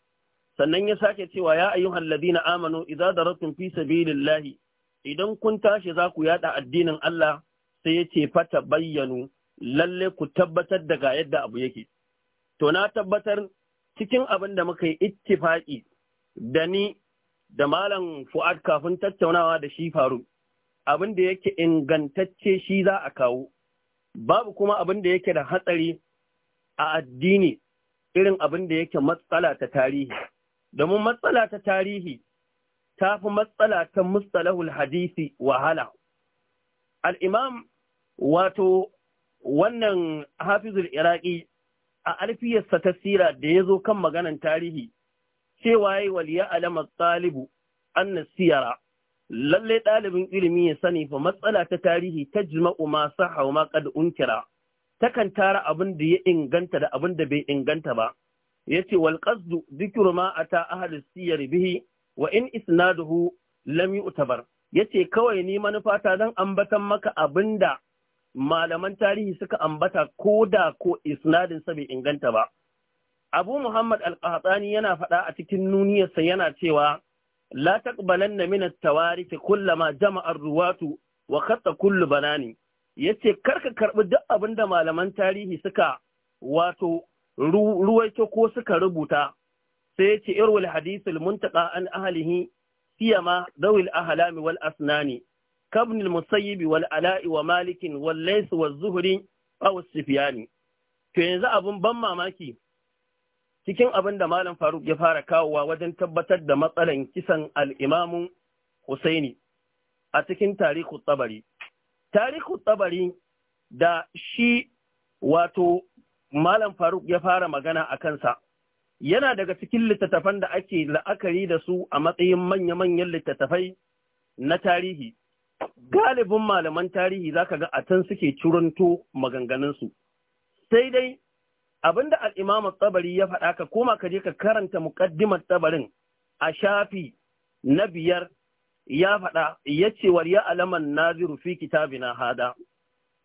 sannan ya sake cewa ya ayyuhal ladina amanu idza daratum fi sabilillahi idan kun tashi za ku yada addinin Allah sai ya ce fatabayyanu lalle ku tabbatar daga yadda abu yake to na tabbatar cikin abin da muka yi ittifaki da ni da malam fu'ad kafin tattaunawa da shi faru abin da yake ingantacce shi za a kawo babu kuma abin da yake da hatsari a addini irin abin da yake matsala ta tarihi domin matsala ta tarihi ta fi matsala ta mustalahul hadisi wahala al'imam wato wannan hafizul iraki a alfiyarsa ta sira da ya zo kan maganar tarihi cewa yi waliya alamar talibu an siyara lallai ɗalibin ilimi ya sani fa matsala ta tarihi ta jima'u ma hauma ma kad unkira takan tara abin da ya inganta da abin da bai inganta ba yace wal qasdu dhikru ma ata ahli siyar bihi wa in isnaduhu lam yu'tabar yace kawai ni manufata ta dan ambatan maka abinda malaman tarihi suka ambata ko da ko isnadin bai inganta ba Abu Muhammad al yana faɗa a cikin nuniyarsa yana cewa la taqbalanna min at-tawarith kullama jama'a ruwatu wa khatta kullu banani yace karka duk abin da malaman tarihi suka wato ruwaito ko suka rubuta sai yace irwal hadithul muntaqa an ahlihi siyama dawil ahlami wal asnani كابن المسيب والعلاء ومالك والليس والزهري أو السفياني to yanzu abin ban mamaki cikin abin da Malam Faruk ya fara kawowa wajen tabbatar da matsalan kisan al'imamu Husaini a cikin tarihu tsabari. Tarihu tsabari da shi wato Malam Faruk ya fara magana a kansa, yana daga cikin littattafan da ake la'akari da su a matsayin manya-manyan littattafai na tarihi. galibin malaman tarihi za ka ga a can suke curanto maganganunsu sai dai abinda al'imama tsabari ya faɗa ka koma ka je ka karanta muƙaddimar tsabarin a shafi na biyar ya faɗa ya ce ya alaman naziru fi na hada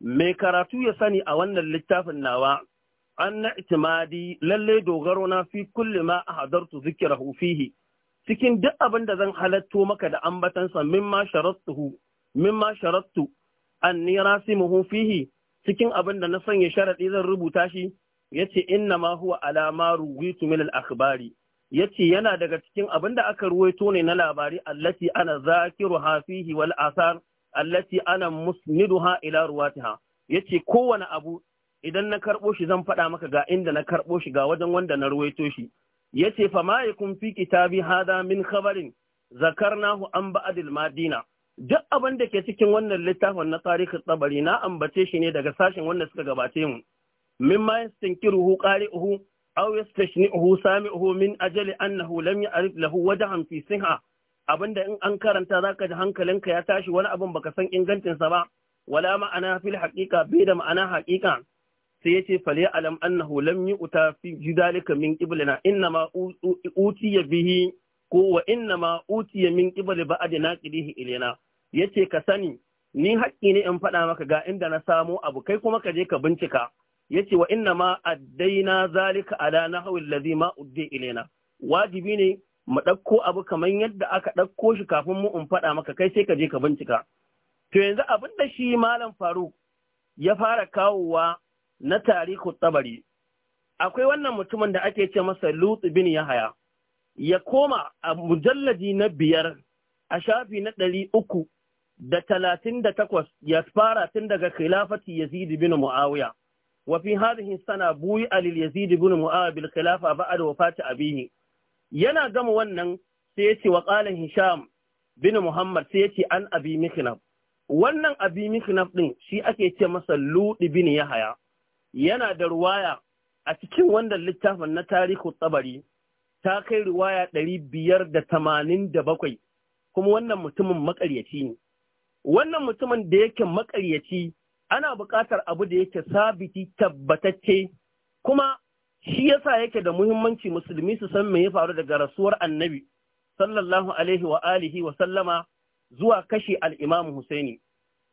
mai karatu ya sani a wannan littafin nawa an na itimadi Lallai dogaro na fi kulle ma a hadartu zikirahu fihi cikin duk abin da zan halatto maka da ambatansa mimma sharastuhu mimma sharattu anni rasimuhu fihi cikin abin da na sanya sharaɗi zan rubuta shi yace inna ma huwa alama ruwitu min al akhbari yace yana daga cikin abin da aka ruwaito ne na labari allati ana zakiruha fihi wal asar allati ana musniduha ila ruwatiha yace kowane abu idan na karɓo shi zan faɗa maka ga inda na karɓo shi ga wajen wanda na ruwaito shi yace fa ma yakun fi kitabi hada min khabarin zakarnahu an ba'dil madina duk abin da ke cikin wannan littafin na tarihin tsabari na ambace shi ne daga sashen wanda suka gabate mu min ma yastankiruhu qari'uhu aw yastashni'uhu sami'uhu min ajali annahu lam ya'rif lahu wajhan fi siha abinda in an karanta zaka ji hankalinka ya tashi wani abin baka san ingancin sa ba wala ma'ana fil haqiqa bai da ma'ana haqiqa sai yace fali alam annahu lam yu'ta fi jidalika min qiblina inna ma utiya bihi ko wa inna ma utiya min qibli ba'd naqidihi ilaina ya ce ka sani ni haƙƙi ne in faɗa maka ga inda na samo abu kai kuma ka je ka bincika ya ce wa inna ma addaina zalika ala na hawin lazi ma udde ilena wajibi ne mu ɗauko abu kamar yadda aka ɗauko shi kafin mu in faɗa maka kai sai ka je ka bincika to yanzu abin da shi malam faruk ya fara kawowa na tarihu tsabari akwai wannan mutumin da ake ce masa lutsu bin yahaya ya koma a mujallaji na biyar a shafi na ɗari uku da talatin da takwas ya fara tun daga khilafati Yazid bin Muawiya. Wa fi hadhihi sana buyi alil Yazid bin Muawiya bil khilafa ba'da wafati abihi. Yana gama wannan sai ya ce wa qala Hisham bin Muhammad sai ya ce an abi Mikhnaf. Wannan abi Mikhnaf din shi ake ce masa Ludi bin Yahaya. Yana da ruwaya a cikin wannan littafin na tarihu tsabari ta kai ruwaya ɗari biyar da tamanin da bakwai kuma wannan mutumin makaryaci ne. wannan mutumin da yake makaryaci ana buƙatar abu da yake sabiti tabbatacce kuma shi yasa yake da muhimmanci musulmi su san me ya faru daga rasuwar annabi sallallahu alaihi wa alihi wa sallama zuwa kashe al-Imam Husaini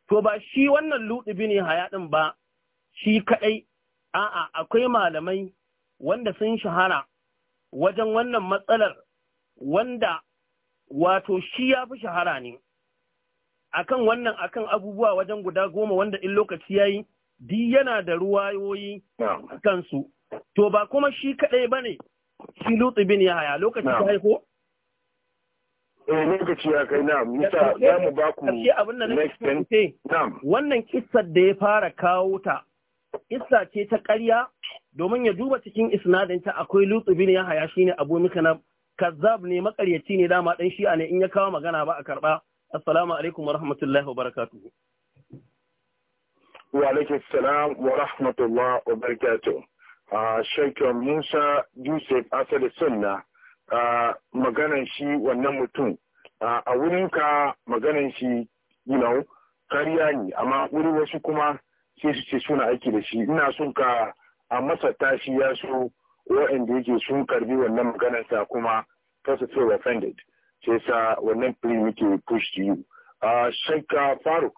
to ba shi wannan luɗubi ne ɗin ba shi kaɗai a'a akwai malamai wanda sun shahara wajen wannan matsalar wanda wato shi ya fi shahara ne akan wannan akan abubuwa wajen guda goma wanda in lokaci yayi di yana da ruwayoyi kansu to ba kuma shi kadai bane shi Lutsi bin haya? lokaci ta haiko eh lokaci ya kai na misa za mu ba ku next da wannan kissar da ya fara kawo ta kissa ce ta ƙarya domin ya duba cikin isnadinta akwai Lutsi bin Yahaya shine Abu na. kazzab ne makaryaci ne dama dan shi'a ne in ya kawo magana ba a karba Assalamu alaikum wa rahmatullahi wa barakatu. Wa alaikum salam wa rahmatullahi wa barakatu. Ah, Shaikon Musa Yusuf Asali Sunna ah, maganan shi wannan mutum ah, a wurin ka maganan shi you know kariya ne amma wurin wasu kuma sai su ce suna aiki da shi ina sun ka a masa tashi ya so waɗanda yake sun karbi wannan maganarsa kuma ta su feel offended. sai sa wannan play muke push to you ah, shakka faruk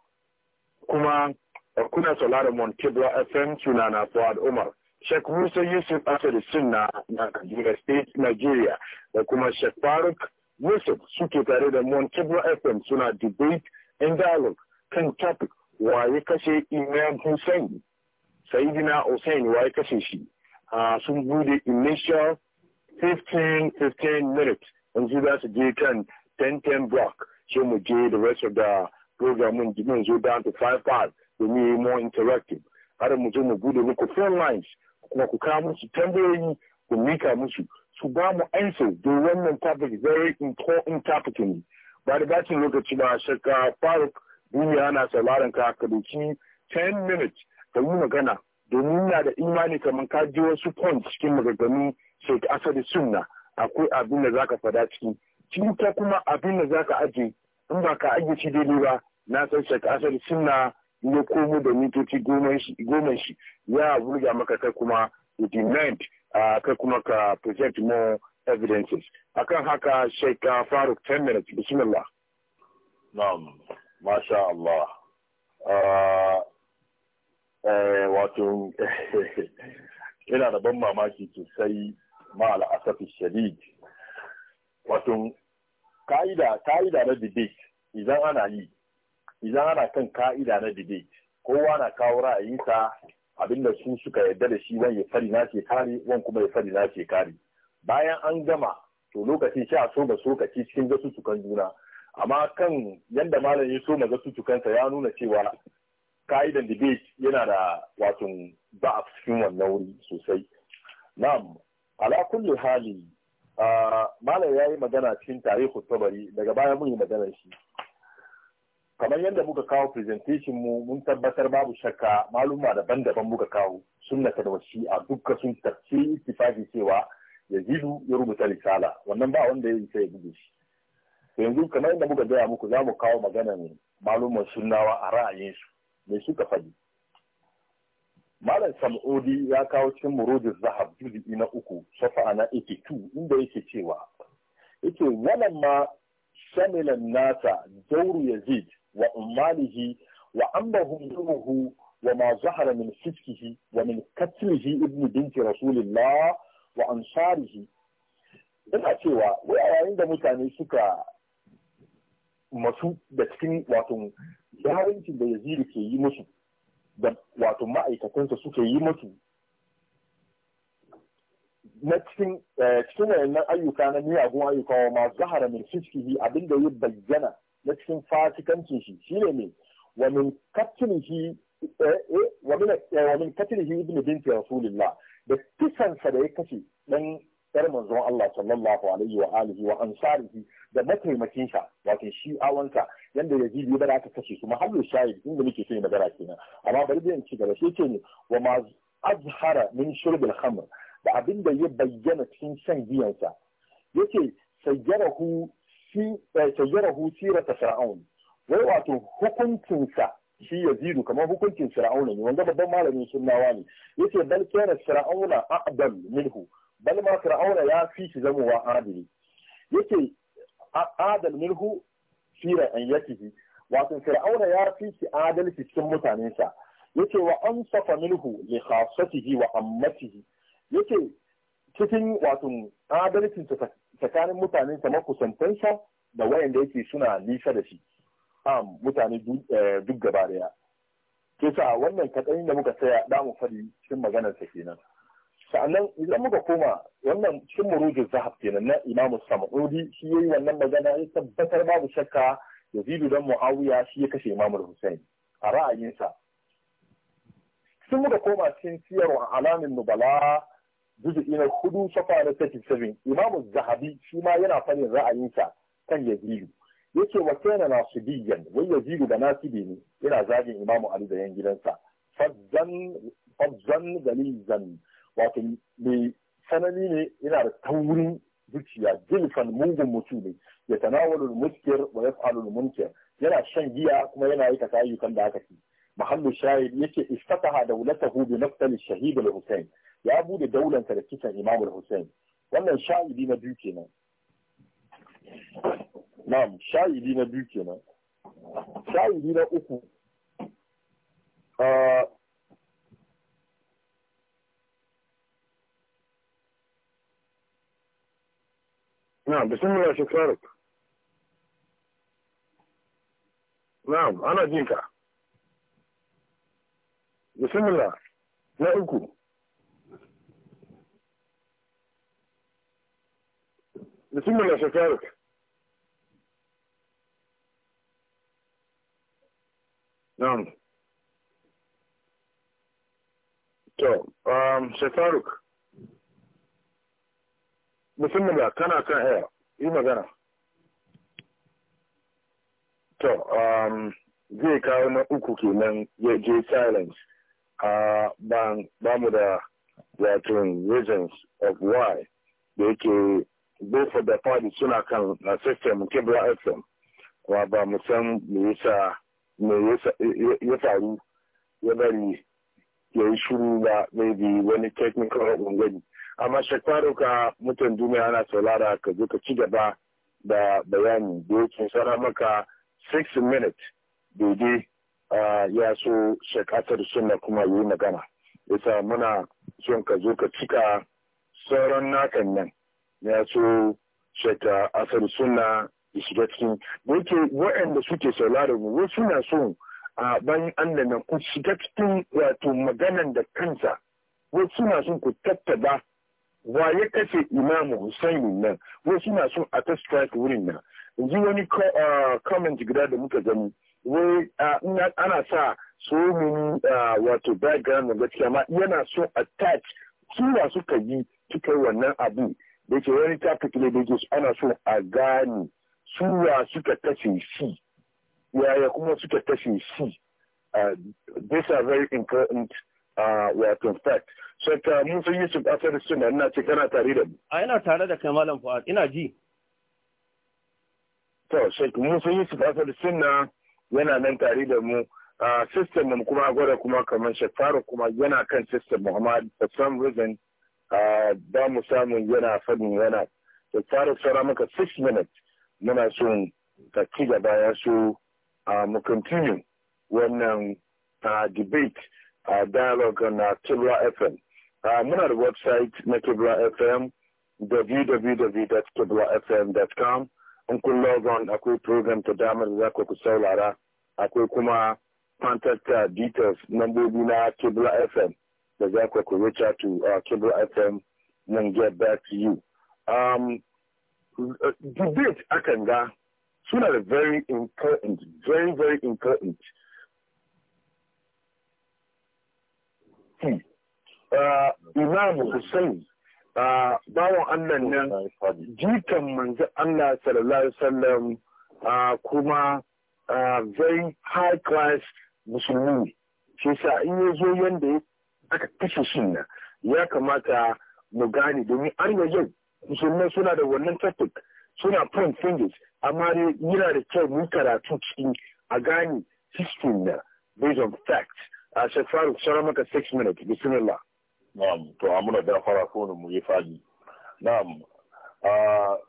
kuma ah, kuna saurara Montebello fm suna na fuad umar Sheikh Musa Yusuf da sin na Kaduna State, Nigeria da kuma Sheikh Faruk Yusuf suke tare da Montebello FM suna debate and dialogue kan topic waye kashe Imam Hussein, Sayyidina Hussein waye kashe shi. Ah, sun bude initial 15-15 minutes in su za su je kan 10-10 block sai mu je the rest of the program mun zo down to 5-5 domin yi more interactive har mu zo mu bude muku phone lines kuma ku kawo musu tambayoyi ku mika musu su ba mu answer don wannan topic very important topic ne ba da lokaci ba shakka faruk duniya ana sauraron ka ka doki 10 minutes ka yi magana domin na da imani kamar ka wasu points cikin maganganu sheik asadi sunna akwai abin da zaka fada ciki cuta kuma abin da zaka aje in ba ka aje shi daidai ba na san ka asar suna ne komo da mitoci goma shi ya burga maka kai kuma to demand kai kuma ka present more evidences akan haka shek faruk 10 minutes bismillah na'am masha Allah eh, wato ina da ban mamaki sosai ma al'asafi shadid wato ka'ida ka'ida na debate idan ana yi idan ana kan ka'ida na debate kowa na kawo ra'ayinsa abinda su suka yarda da shi wan ya fari na ce kare wan kuma ya fari na ce kare bayan an gama to lokacin sha so ga sokaci cikin gasusukan juna amma kan yadda malam ya so ma gasusukansa ya nuna cewa ka'idan debate yana da wato ba a cikin wannan wuri sosai na'am ala kulli hali malam ya yi magana cikin tarihi tabari daga baya mun yi magana shi kamar yadda muka kawo presentation mu mun tabbatar babu shakka maluma daban-daban muka kawo sunna ta da a dukka sun tafi ittifaqi cewa yazidu ya rubuta risala wannan ba wanda ya isa ya buge shi to yanzu kamar yadda muka gaya muku za mu kawo maganar maluman sunnawa a ra'ayinsu me suka faɗi Malam Sam'udi ya kawo cikin Murudin Zahab juzi'i na uku saf'a na 82 inda yake cewa yake wannan ma shamilan nasa jauru Yazid wa ummalihi wa annahum duruhu wa ma zahara min fiskihi wa min katilihi ibn binti rasulillah wa ansarihi ina cewa wai a yayin da mutane suka masu da cikin wato yawancin da Yazid ke yi musu da wato ma'aikatansa suke yi musu na cikin eh, cikin wayannan ayyuka na miyagun ayyuka wa ma zahara min fiskihi abinda ya bayyana na cikin fasikancin shi shine ne wa min katlihi eh, eh, wa min katilihi ibn binti rasulillah da kisansa da ya kashe ɗan. yar manzon Allah sallallahu alaihi wa alihi wa ansarihi da mataimakin sa wato shi awansa yanda yazid ya bara aka kashe su mahallu shahid inda muke so magana kenan amma bari da ci gaba shi ce ne wa ma azhara min shurbil khamr da abin da ya bayyana cikin shan sa yace sayyarahu si eh, sayyarahu sirata fir'aun wai wato hukuncinsa shi yazidu kamar hukuncin fir'auna ne wanda babban malamin sunnawa ne yace bal kana fir'auna aqdam minhu bal ma fir'auna ya fi shi zamowa adili yake adal minhu fi ra'ayatihi wato fir'auna ya fi shi adalci cikin mutanensa yake wa ansafa minhu li khasatihi wa ammatihi yake cikin wato adalcin tsakanin mutanen sa makusantansa da wayanda yake suna nisa da shi am mutane eh, duk gaba daya kisa wannan kaɗan da muka saya da mu fari cikin maganarsa sa kenan sa'annan idan muka koma wannan cikin murujin zahab kenan na imamu sam'udi shi yayi wannan magana ya tabbatar babu shakka yazidu dan muawiya shi ya kashe imamu husain a ra'ayinsa sun muka koma cikin siyarwa alamin nubala juzu'i na hudu safa na 37 imamu zahabi shi ma yana fanin ra'ayinsa kan yazidu yake wa kana nasibiyan wai yazidu da nasibi ne yana zagin imamu ali da yan gidansa fadzan fadzan galizan wato mai sanani ne yana da taurin zuciya jilfan mugun mutum ne ya tanawalul muskir wa yaf'alul munkir yana shan giya kuma yana yi kasa ayyukan da aka ci mahallu shahid yake istataha dawlatahu bi naftal shahid al-husayn ya bude daulansa da kisan imam al-husayn wannan shahidi na biyu kenan na'am shahidi na biyu kenan shahidi na uku ah, نعم بسم الله شكرك نعم أنا جيكا بسم الله na uku bismillah shakaruk na'am to um shakaruk bismillah kana kan haya yi magana to um, zai kawo na uku kenan ya je silence a ba mu da wato reasons of why da yake both of the parties suna kan na system kibra fm kuma ba mu san me yasa me ya faru ya bari ya yi shuru ba maybe wani technical ungani amma shekaru ka mutan duniya ana saurara ka zo ka ci gaba da bayani da yake tsara maka 6 minutes daidai ya so shekatar suna kuma yi magana yasa muna son ka zo ka cika sauran nakan nan ya so shaka asar suna shiga cikin yake wa'anda suke sauraron mu wasu na son a bayan da na ku shiga cikin wato maganan da kansa wasu na son ku tattaba wa ya kashe imamu Hussaini nan wasu na son a ta strike wurin nan ji wani ah, comment guda da muka gani wai ah, ana sa so mini ah, wato background na gaskiya ma yana so attach suna suka yi suka wannan abu da ke wani topic ne da ke ana so a gane suna suka kashe shi yaya kuma suka kashe shi This are very important uh, wato fact shakka mun san Yusuf Asad suna ina ce kana tare da mu a ina tare da kai malam Fuad ina ji to shakka mun san Yusuf Asad suna yana nan tare da mu a system mu kuma gwada kuma kamar Shafaru kuma yana kan system Muhammad for some reason ba mu samun yana fadin yana Shafaru sara maka 6 minutes muna son ka ci gaba ya so mu continue wannan debate dialogue na Tilwa FM muna da website na Kibla FM www.kiblafm.com in kun log on akwai program ta damar za ku saurara akwai kuma contact details nambobi na Kibla FM da za ku reach out to uh, Kibla FM mun get back to you. Um, debate akan ga suna da very important, very very important. Hmm. Ah, Imam Hussein ah, bawan Allah nan jikan manzo Allah sallallahu alaihi wasallam ah, kuma very high class musulmi shi sa in ya zo yanda aka kashe shi nan ya kamata mu gane domin har yanzu musulmai suna da wannan tactic suna point fingers amma yana da kyau mu karatu cikin a gane history na based on fact a shafaru sauran maka 6 minutes bismillah na'am to a muna gafara ko mu yi fadi na'am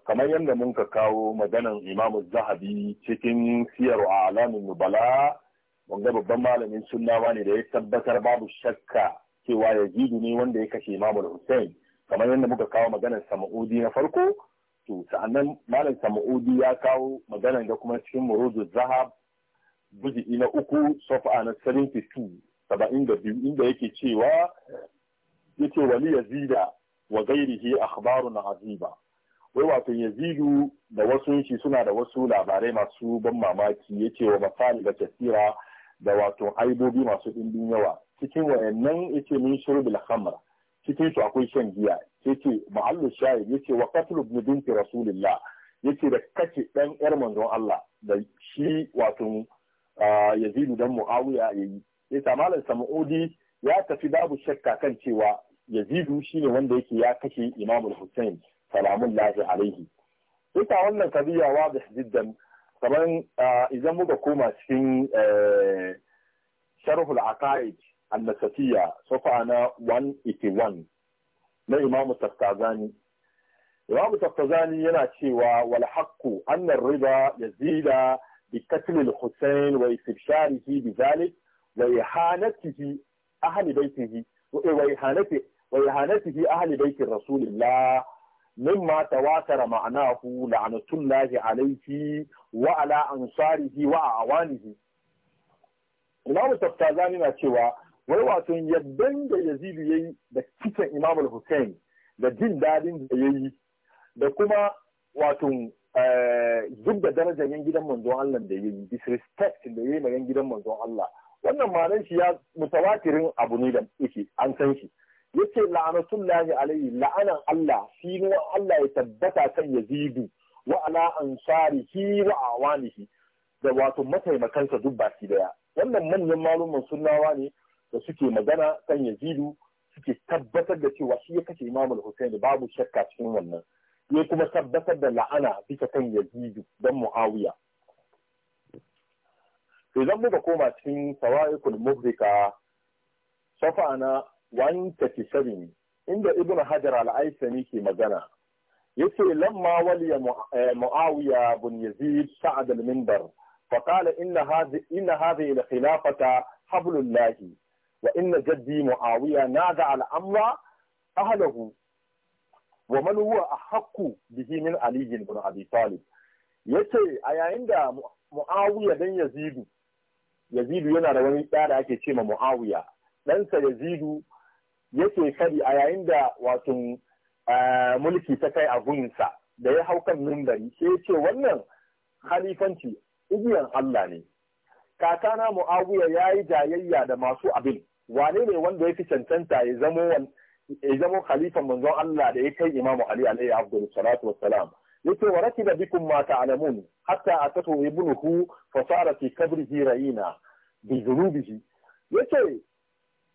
kamar yadda mun ka kawo maganan imamu zahabi cikin siyar a alamin nubala mun ga babban malamin sunna ne da ya tabbatar babu shakka cewa yazidu ne wanda ya kashe imamu hussein kamar yadda muka kawo maganar sama'udi na farko to sa'annan malam sama'udi ya kawo maganar da kuma cikin murudu zahab buji'i na uku sofa na 72 saba'in inda yake cewa yace wali yazida wa ghairihi akhbarun aziba wai wato yazidu da wasu shi suna da wasu labarai masu ban mamaki yace wa masali da kasira da wato aibobi masu dimbin yawa cikin wayannan yace min shurbil khamr cikin su akwai shan giya yace mahallu shahid yace wa qatlu ibn binti rasulillah yace da kace dan yar manzon Allah da shi wato yazidu dan muawiya yayi yace malam samudi ya tafi babu shakka kan cewa يزيد شيء من ذلك يا كشي إمام الحسين سلام الله عليه إذا قلنا قضية واضح جدا طبعا آه، إذا مو بكوما آه، سفين شرف العقائد المسافية صفا أنا 181 ما إمام التقتازاني إمام التقتازاني يناتي والحق أن الرضا يزيد بقتل الحسين وإستبشاره بذلك وإحانته أهل بيته وإحانته wa ihanatihi ahli baikin rasulillah mimma tawatara ma'anahu la'anatullahi alaiki wa ala ansarihi wa awanihi Imam Taftazani na cewa wai wato yadda da ya yayi da cikin Imam al da jin dadin da yi da kuma watan eh, zub da darajar yan gidan manzon Allah da yi, disrespect da yayi ma yan gidan manzon Allah wannan malan shi ya mutawatirin abu ne da yake an san shi yace la'anatullahi alayhi la'anan Allah shi Allah ya tabbata kan Yazidu wa ala ansarihi wa awanihi da wato mataimakansa duk baki daya wannan manyan malumin sunnawa ne da suke magana kan Yazidu suke tabbatar da cewa shi ya kashe Imam al-Husayn babu shakka cikin wannan ya kuma tabbatar da la'ana bisa kan Yazidu dan Muawiya idan muka koma cikin sawa'ikul mubrika safa na 137 inda ibn hajar al-aisani ke magana yace lamma waliya eh, muawiya bin yazid sa'ad al-minbar fa qala inna hadhi inna hadhi al-khilafata hablullah wa inna jaddi muawiya nada a amra ahlahu wa man huwa ahqqu bihi min ali ibn abi talib yace a yayin da muawiya dan yazidu yazidu yana da wani da ake ce ma muawiya ɗansa yazidu yake kari a yayin da wato mulki ta kai a gunsa da ya hau kan mimbari sai ya ce wannan halifanci igiyan Allah ne kakana mu'awiya ya yi jayayya da masu abin wane ne wanda ya fi cancanta ya zamo ya zamo khalifan manzon Allah da ya kai Imam Ali alaihi abdul salatu wassalam yace wa rakiba bikum ma ta'lamun hatta atatu ibnuhu fa sara fi kabrihi ra'ina bi dhunubihi yace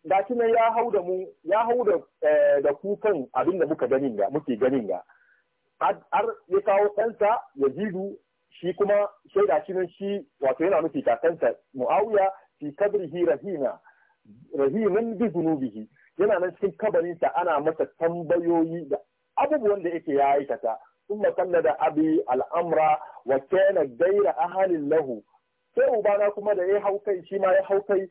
ga nan ya hau da mu ya hau da eh, da kukan abin da muka ganin ga muke ganin ga har ya kawo ɗansa ya jidu shi kuma sai shi nan shi wato yana nufi kakansa mu'awiya fi kabrihi rahina rahinan bi zunubihi yana nan cikin kabarinsa ana masa tambayoyi da abubuwan da yake ya aikata da abi al'amra wa kana غير أهل lahu sai ubana kuma da ya hau kai shi ma ya hau kai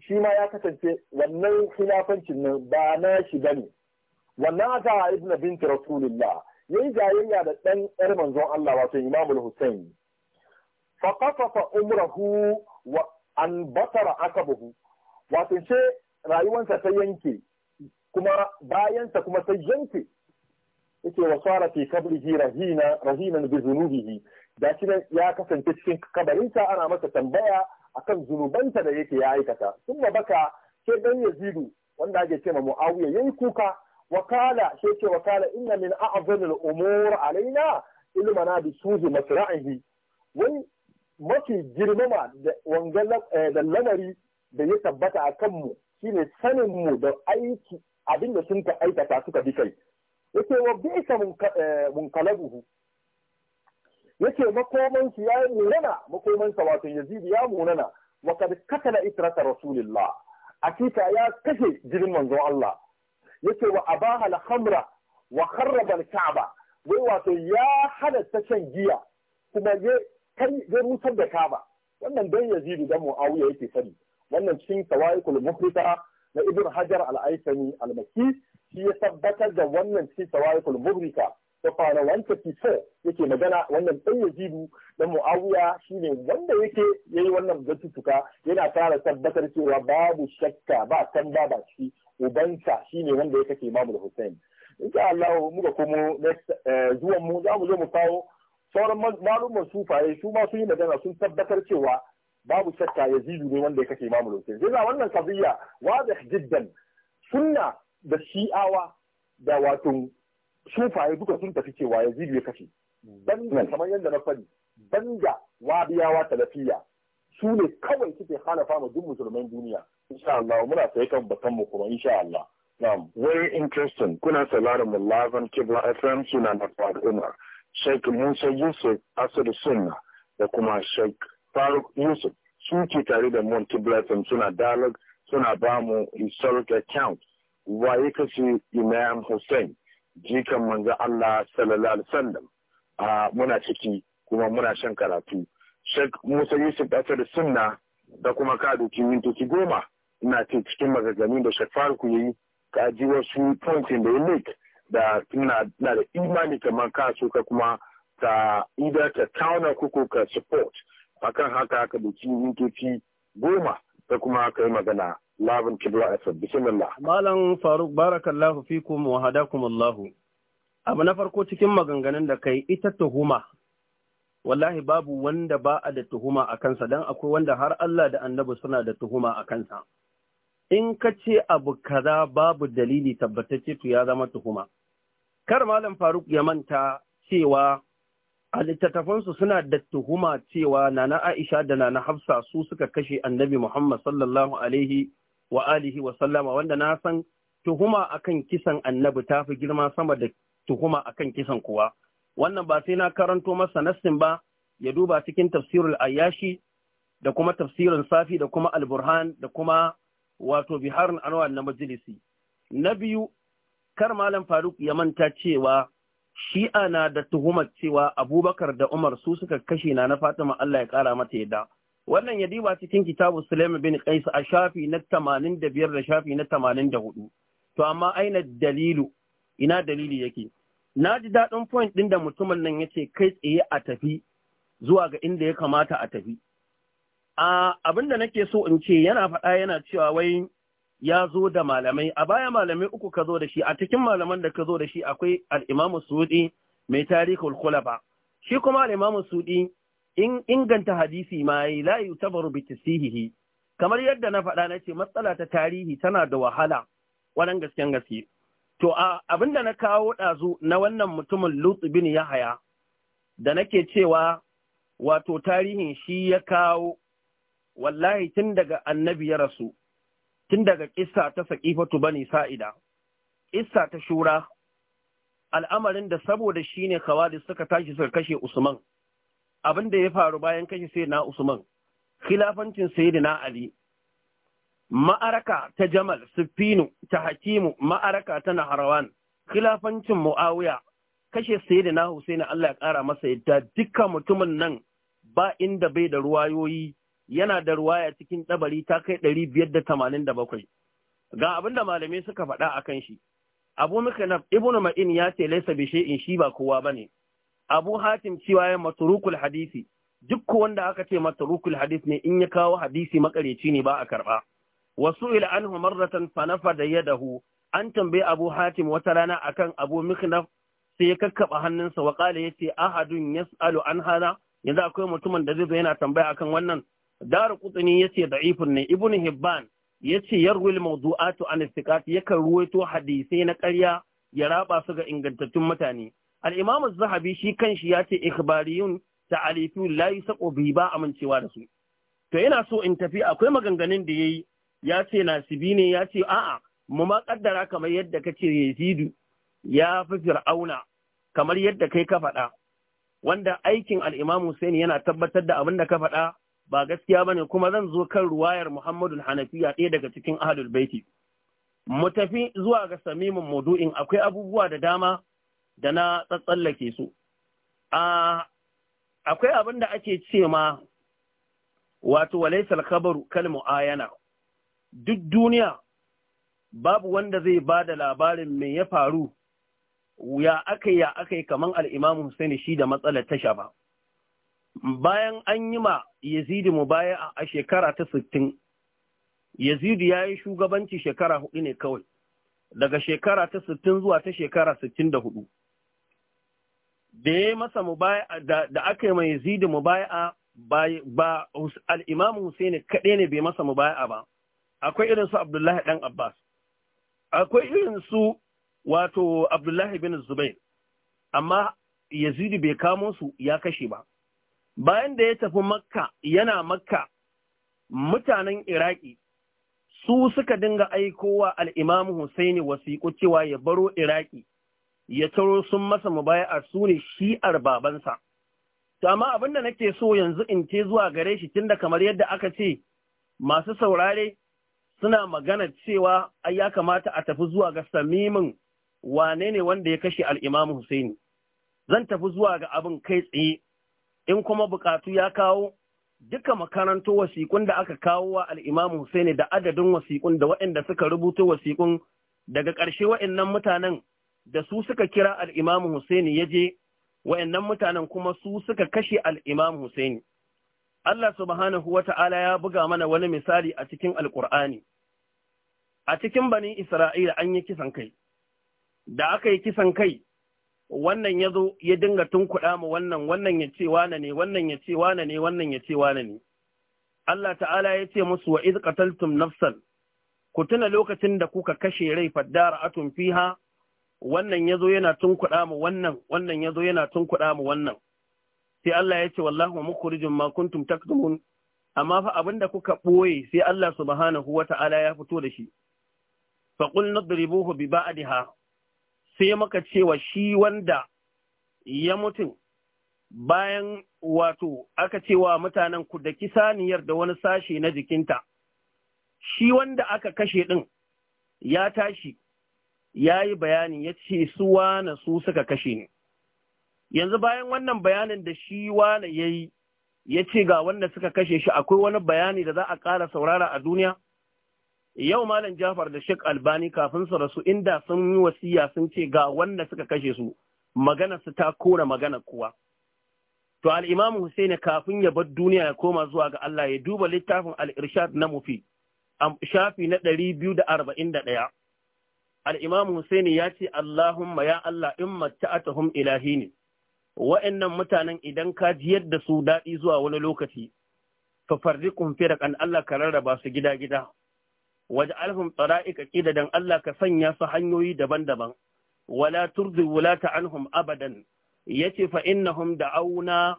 shi ma ya kasance wannan khilafancin nan ba na shi ba ne wannan aka ibn binti rasulillah yayi jayayya da ɗan yar manzon Allah wato imamul husayn fa qasafa umrahu wa an basara akabahu wato ce rayuwansa ta yanke kuma bayansa kuma ta yanke yake wa sara fi kabrihi rahina rahinan bi zunubihi da shi ya kasance cikin kabarinsa ana masa tambaya akan zunubanta da yake ya aikata sun baka sai dan yazidu wanda ake ce ma muawiya yayi kuka wakala sai ce wakala inna min a'zamil umur alaina ilmana bi suzi masra'ihi Wani mafi girmama da eh, da lamari da ya tabbata a kanmu shine sanin mu da aiki abinda sun ka aikata suka bi kai yake wa bisa eh, buhu. yace makoman su ya munana makoman sa wato Yazid ya munana wa kad katala itrata rasulillah akita ya kashe jirin manzon Allah yace wa abaha al khamra wa kharraba al ka'ba wai wato ya halatta shan giya kuma ya ya rusar da kaba wannan dan Yazid da Muawiya yake fadi wannan cikin tawaiqul mufrita na Ibn Hajar al-Aisani al-Makki shi ya tabbatar da wannan cikin tawaiqul mufrita da fara 134 yake magana wannan ɗan yazidu da mu'awiya shine wanda yake yayi wannan batutuka yana fara tabbatar cewa babu shakka ba kan ba ba shi ubansa shine wanda ya kace Imam Hussein insha Allah muka komo eh, zuwan mu za mu zo mu kawo sauran malumman sufaye su ma sun yi magana sun tabbatar cewa babu shakka yazidu ne wanda ya kace Imam Hussein sai wannan kabiya wadih jiddan sunna da shi'awa da wato sufaye duka sun tafi cewa yazid ya kashe hmm. banda hmm. kamar yadda na fari, banda wabiyawa talafiya su ne kawai suke hana fama duk musulman duniya insha Allah muna sai kan batan mu kuma insha Allah na'am very kuna salarin mu live Kibla FM suna na Fad Umar Sheikh Musa Yusuf Asadu Sunna da kuma Sheikh Faruk Yusuf su ke tare da mu Kibla FM suna dialogue suna ba mu historic account waye kace Imam Hussein jikan manzo Allah sallallahu alaihi wasallam a muna ciki kuma muna shan karatu Sheikh Musa Yusuf Asad Sunna da kuma ka doki mintoci goma ina ce cikin magagani da Sheikh faruku yayi ka ji wasu pointin da ya make da na da imani kamar ka so ka kuma ta ida ta tauna kuku ka support akan haka ka doki mintoci goma da kuma ka yi magana labin kibla asad bismillah malam faruk barakallahu fikum wa hadakum allahu. abu na farko cikin maganganun da kai ita tuhuma wallahi babu wanda ba a da tuhuma a kansa dan akwai wanda har Allah da annabi suna da tuhuma a kansa in ka ce abu kaza babu dalili tabbatacce to ya zama tuhuma kar malam faruk ya manta cewa a littattafansu suna da tuhuma cewa nana Aisha da nana Hafsa su suka kashe annabi Muhammad sallallahu alaihi wa alihi wa sallama wanda na san tuhuma akan kisan annabi ta fi girma sama da tuhuma akan kisan kuwa wannan ba sai na karanto masa nassin ba ya duba cikin tafsirul ayyashi da kuma tafsirin safi da kuma alburhan da kuma wato biharin anwa na majalisi na biyu kar malam faruk ya manta cewa shi'a na da tuhumar cewa abubakar da umar su suka kashe na na fatima allah ya kara mata yadda wannan ya diba cikin kitabu Sulaiman bin Qais a shafi na 85 da shafi na 84 to amma aina dalilu ina dalili yake na ji daɗin point ɗin da mutumin nan ya ce kai tsaye a tafi zuwa ga inda ya kamata a tafi a abin da nake so in ce yana faɗa yana cewa wai ya zo da malamai a baya malamai uku ka zo da shi a cikin malaman da ka zo da shi akwai al-Imam Suudi mai tarihul khulafa shi kuma al-Imam Suudi in inganta hadisi ma yi la ta baro kamar yadda na faɗa na ce matsala ta tarihi tana da wahala wannan gasken gaske to a abin da na kawo ɗazu na wannan mutumin lutsu bin Yahaya da nake cewa wato tarihin shi ya kawo wallahi tun daga annabi ya rasu tun daga kissa ta saƙifatu bani sa'ida kissa ta shura al'amarin da saboda shine kawadi suka tashi suka kashe Usman abin da ya faru bayan kashe sai na Usman, khilafancin na Ali, ma'araka ta Jamal, Sufinu, ta Hakimu, ma'araka ta Naharawan, khilafancin Mu'awiya, kashe na Hussein, Allah ya ƙara masa yadda dukkan mutumin nan ba inda bai da ruwayoyi yana da ruwaya cikin ɗabari ta kai ɗari biyar da tamanin da bakwai. Ga abin da malamai suka faɗa a kan shi, Abu Miknaf Ibn Ma'in ya ce laisa bishe in shi ba kowa ba ne. abu hatim cewa ya hadisi duk wanda aka ce matrukul hadis ne in ya kawo hadisi makareci ne ba a karba wasu ila anhu marratan fanafa da dahu an tambaye abu hatim wata rana akan abu mikhnaf sai ya kakkaba hannunsa wa ya yace ahadun yasalu an hada yanzu akwai mutumin da zai zo yana tambaya akan wannan daru kutsini ce da'ifun ne ibnu hibban ya yace yarwil mawdu'atu an istiqat yakan ruwaito hadisai na ƙarya ya raba su ga ingantattun mutane al-imam shi kan shi ya ce ikhbariyun ta'alifiyun la yusaqu bi ba amincewa da su to yana so in tafi akwai maganganun da yayi ya ce nasibi ne ya ce a'a mu ma kaddara kamar yadda kace yazidu ya fi fir'auna kamar yadda kai ka faɗa wanda aikin al-imam yana tabbatar da abin da ka faɗa ba gaskiya ba ne kuma zan zo kan ruwayar Muhammadu Hanafiya ɗaya daga cikin Ahlul Baiti mu tafi zuwa ga samimin maudu'in akwai abubuwa da dama da na tsatsallake su. Akwai abin da ake ce ma wato walaisal kabaru kalmu ayana, duk duniya babu wanda zai ba da labarin me ya faru, ya aka ya aka yi kamar al'imamu Hussaini shi da matsalar tasha ba. Bayan an yi ma Yazidi mu baya a shekara ta sittin, Yazidu ya yi shugabanci shekara hudu ne kawai, daga shekara ta sittin zuwa ta shekara sittin da hudu. da ya masa da aka yi mai zidi mubaya'a ba al'imamu Husaini kaɗai ne bai masa mubaya'a ba, akwai irin su Abdullahi ɗan Abbas, akwai irin su wato Abdullahi bin Zubair, amma Yazidi bai kamo su ya kashe ba. Bayan da ya tafi Makka yana Makka mutanen Iraki su suka dinga aikowa al'imamu Husaini wasu cewa ya baro Iraki ya taro sun masa mubaya'a su ne shi'ar babansa to amma abin da nake so yanzu in ce zuwa gare shi tunda kamar yadda aka ce masu saurare suna magana cewa ai ya kamata a tafi zuwa ga samimin wane ne wanda ya kashe al'imam Husaini zan tafi zuwa ga abin kai tsaye in kuma bukatu ya kawo duka makaranto wasiƙun da aka kawo wa al'imamu Husaini da adadin wasiƙun da waɗanda suka rubuta wasiƙun daga ƙarshe waɗannan mutanen da su suka kira al'imamu Hussaini ya je, wa'yannan mutanen kuma su suka kashe al'imamu Husaini. Allah subhanahu wa ta'ala ya buga mana wani misali a cikin Alƙur'ani. A cikin bani Isra'ila an yi kisan kai, da aka yi kisan kai, wannan ya zo ya dinga tunkuɗa mu wannan, wannan ya ce wane ne, wannan ya ce wane ne, wannan ya ce wane ne. Allah ta'ala ya ce musu wa iz nafsan ku tuna lokacin da kuka kashe rai fadda ra'atun fiha wannan ya zo yana tun kuɗa mu wannan wannan ya zo yana tun kuɗa mu wannan sai Allah ya ce wallahu mukhrijum ma kuntum taktumun amma fa abinda kuka ɓoye, sai Allah subhanahu wa ta'ala ya fito da shi fa qul nadribuhu bi ba'diha sai maka cewa shi wanda ya mutu bayan wato aka cewa mutanen ku da kisaniyar da wani sashe na jikinta shi wanda aka kashe din ya tashi ya yi bayani ya ce su wane su suka kashe ne Yanzu bayan wannan bayanin da shi wane ya yi, ya ce ga wanda suka kashe shi akwai wani bayani da za a ƙara saurara a duniya? Yau Malam Jafar da Sheikh Albani kafin su rasu inda sun yi wasiya sun ce ga wanda suka kashe su, magana su ta kora magana kuwa. To al'imamu Hussein kafin ya bar duniya ya koma zuwa ga Allah ya duba littafin al'irshad na mufi, shafi na ɗari biyu da arba'in da ɗaya. al-Imam ya ce Allahumma ya Allah in matta'atuhum ilahi ne wa'annan mutanen idan ka jiyar da su daɗi zuwa wani lokaci fa farriqum kan Allah ka rarraba su gida-gida Waje alhum waj'alhum da dan Allah ka sanya su hanyoyi daban-daban wala wula ta anhum abadan yace fa innahum auna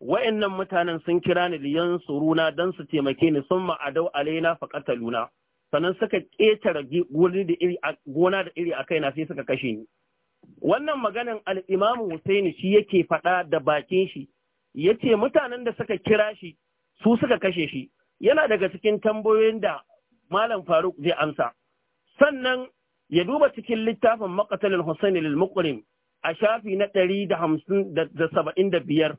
wa'annan mutanen sun kira ni liyan suruna dan su taimake ni sun ma'adau alaina fa qataluna sannan suka ƙetare gona da iri a kaina sai suka kashe ni. Wannan maganan al'imamu Hussaini shi yake faɗa da bakin shi, ya ce mutanen da suka kira shi su suka kashe shi, yana daga cikin tambayoyin da Malam Faruk zai amsa. Sannan ya duba cikin littafin maƙatalin husaini lil a shafi na ɗari da hamsin da saba'in da biyar.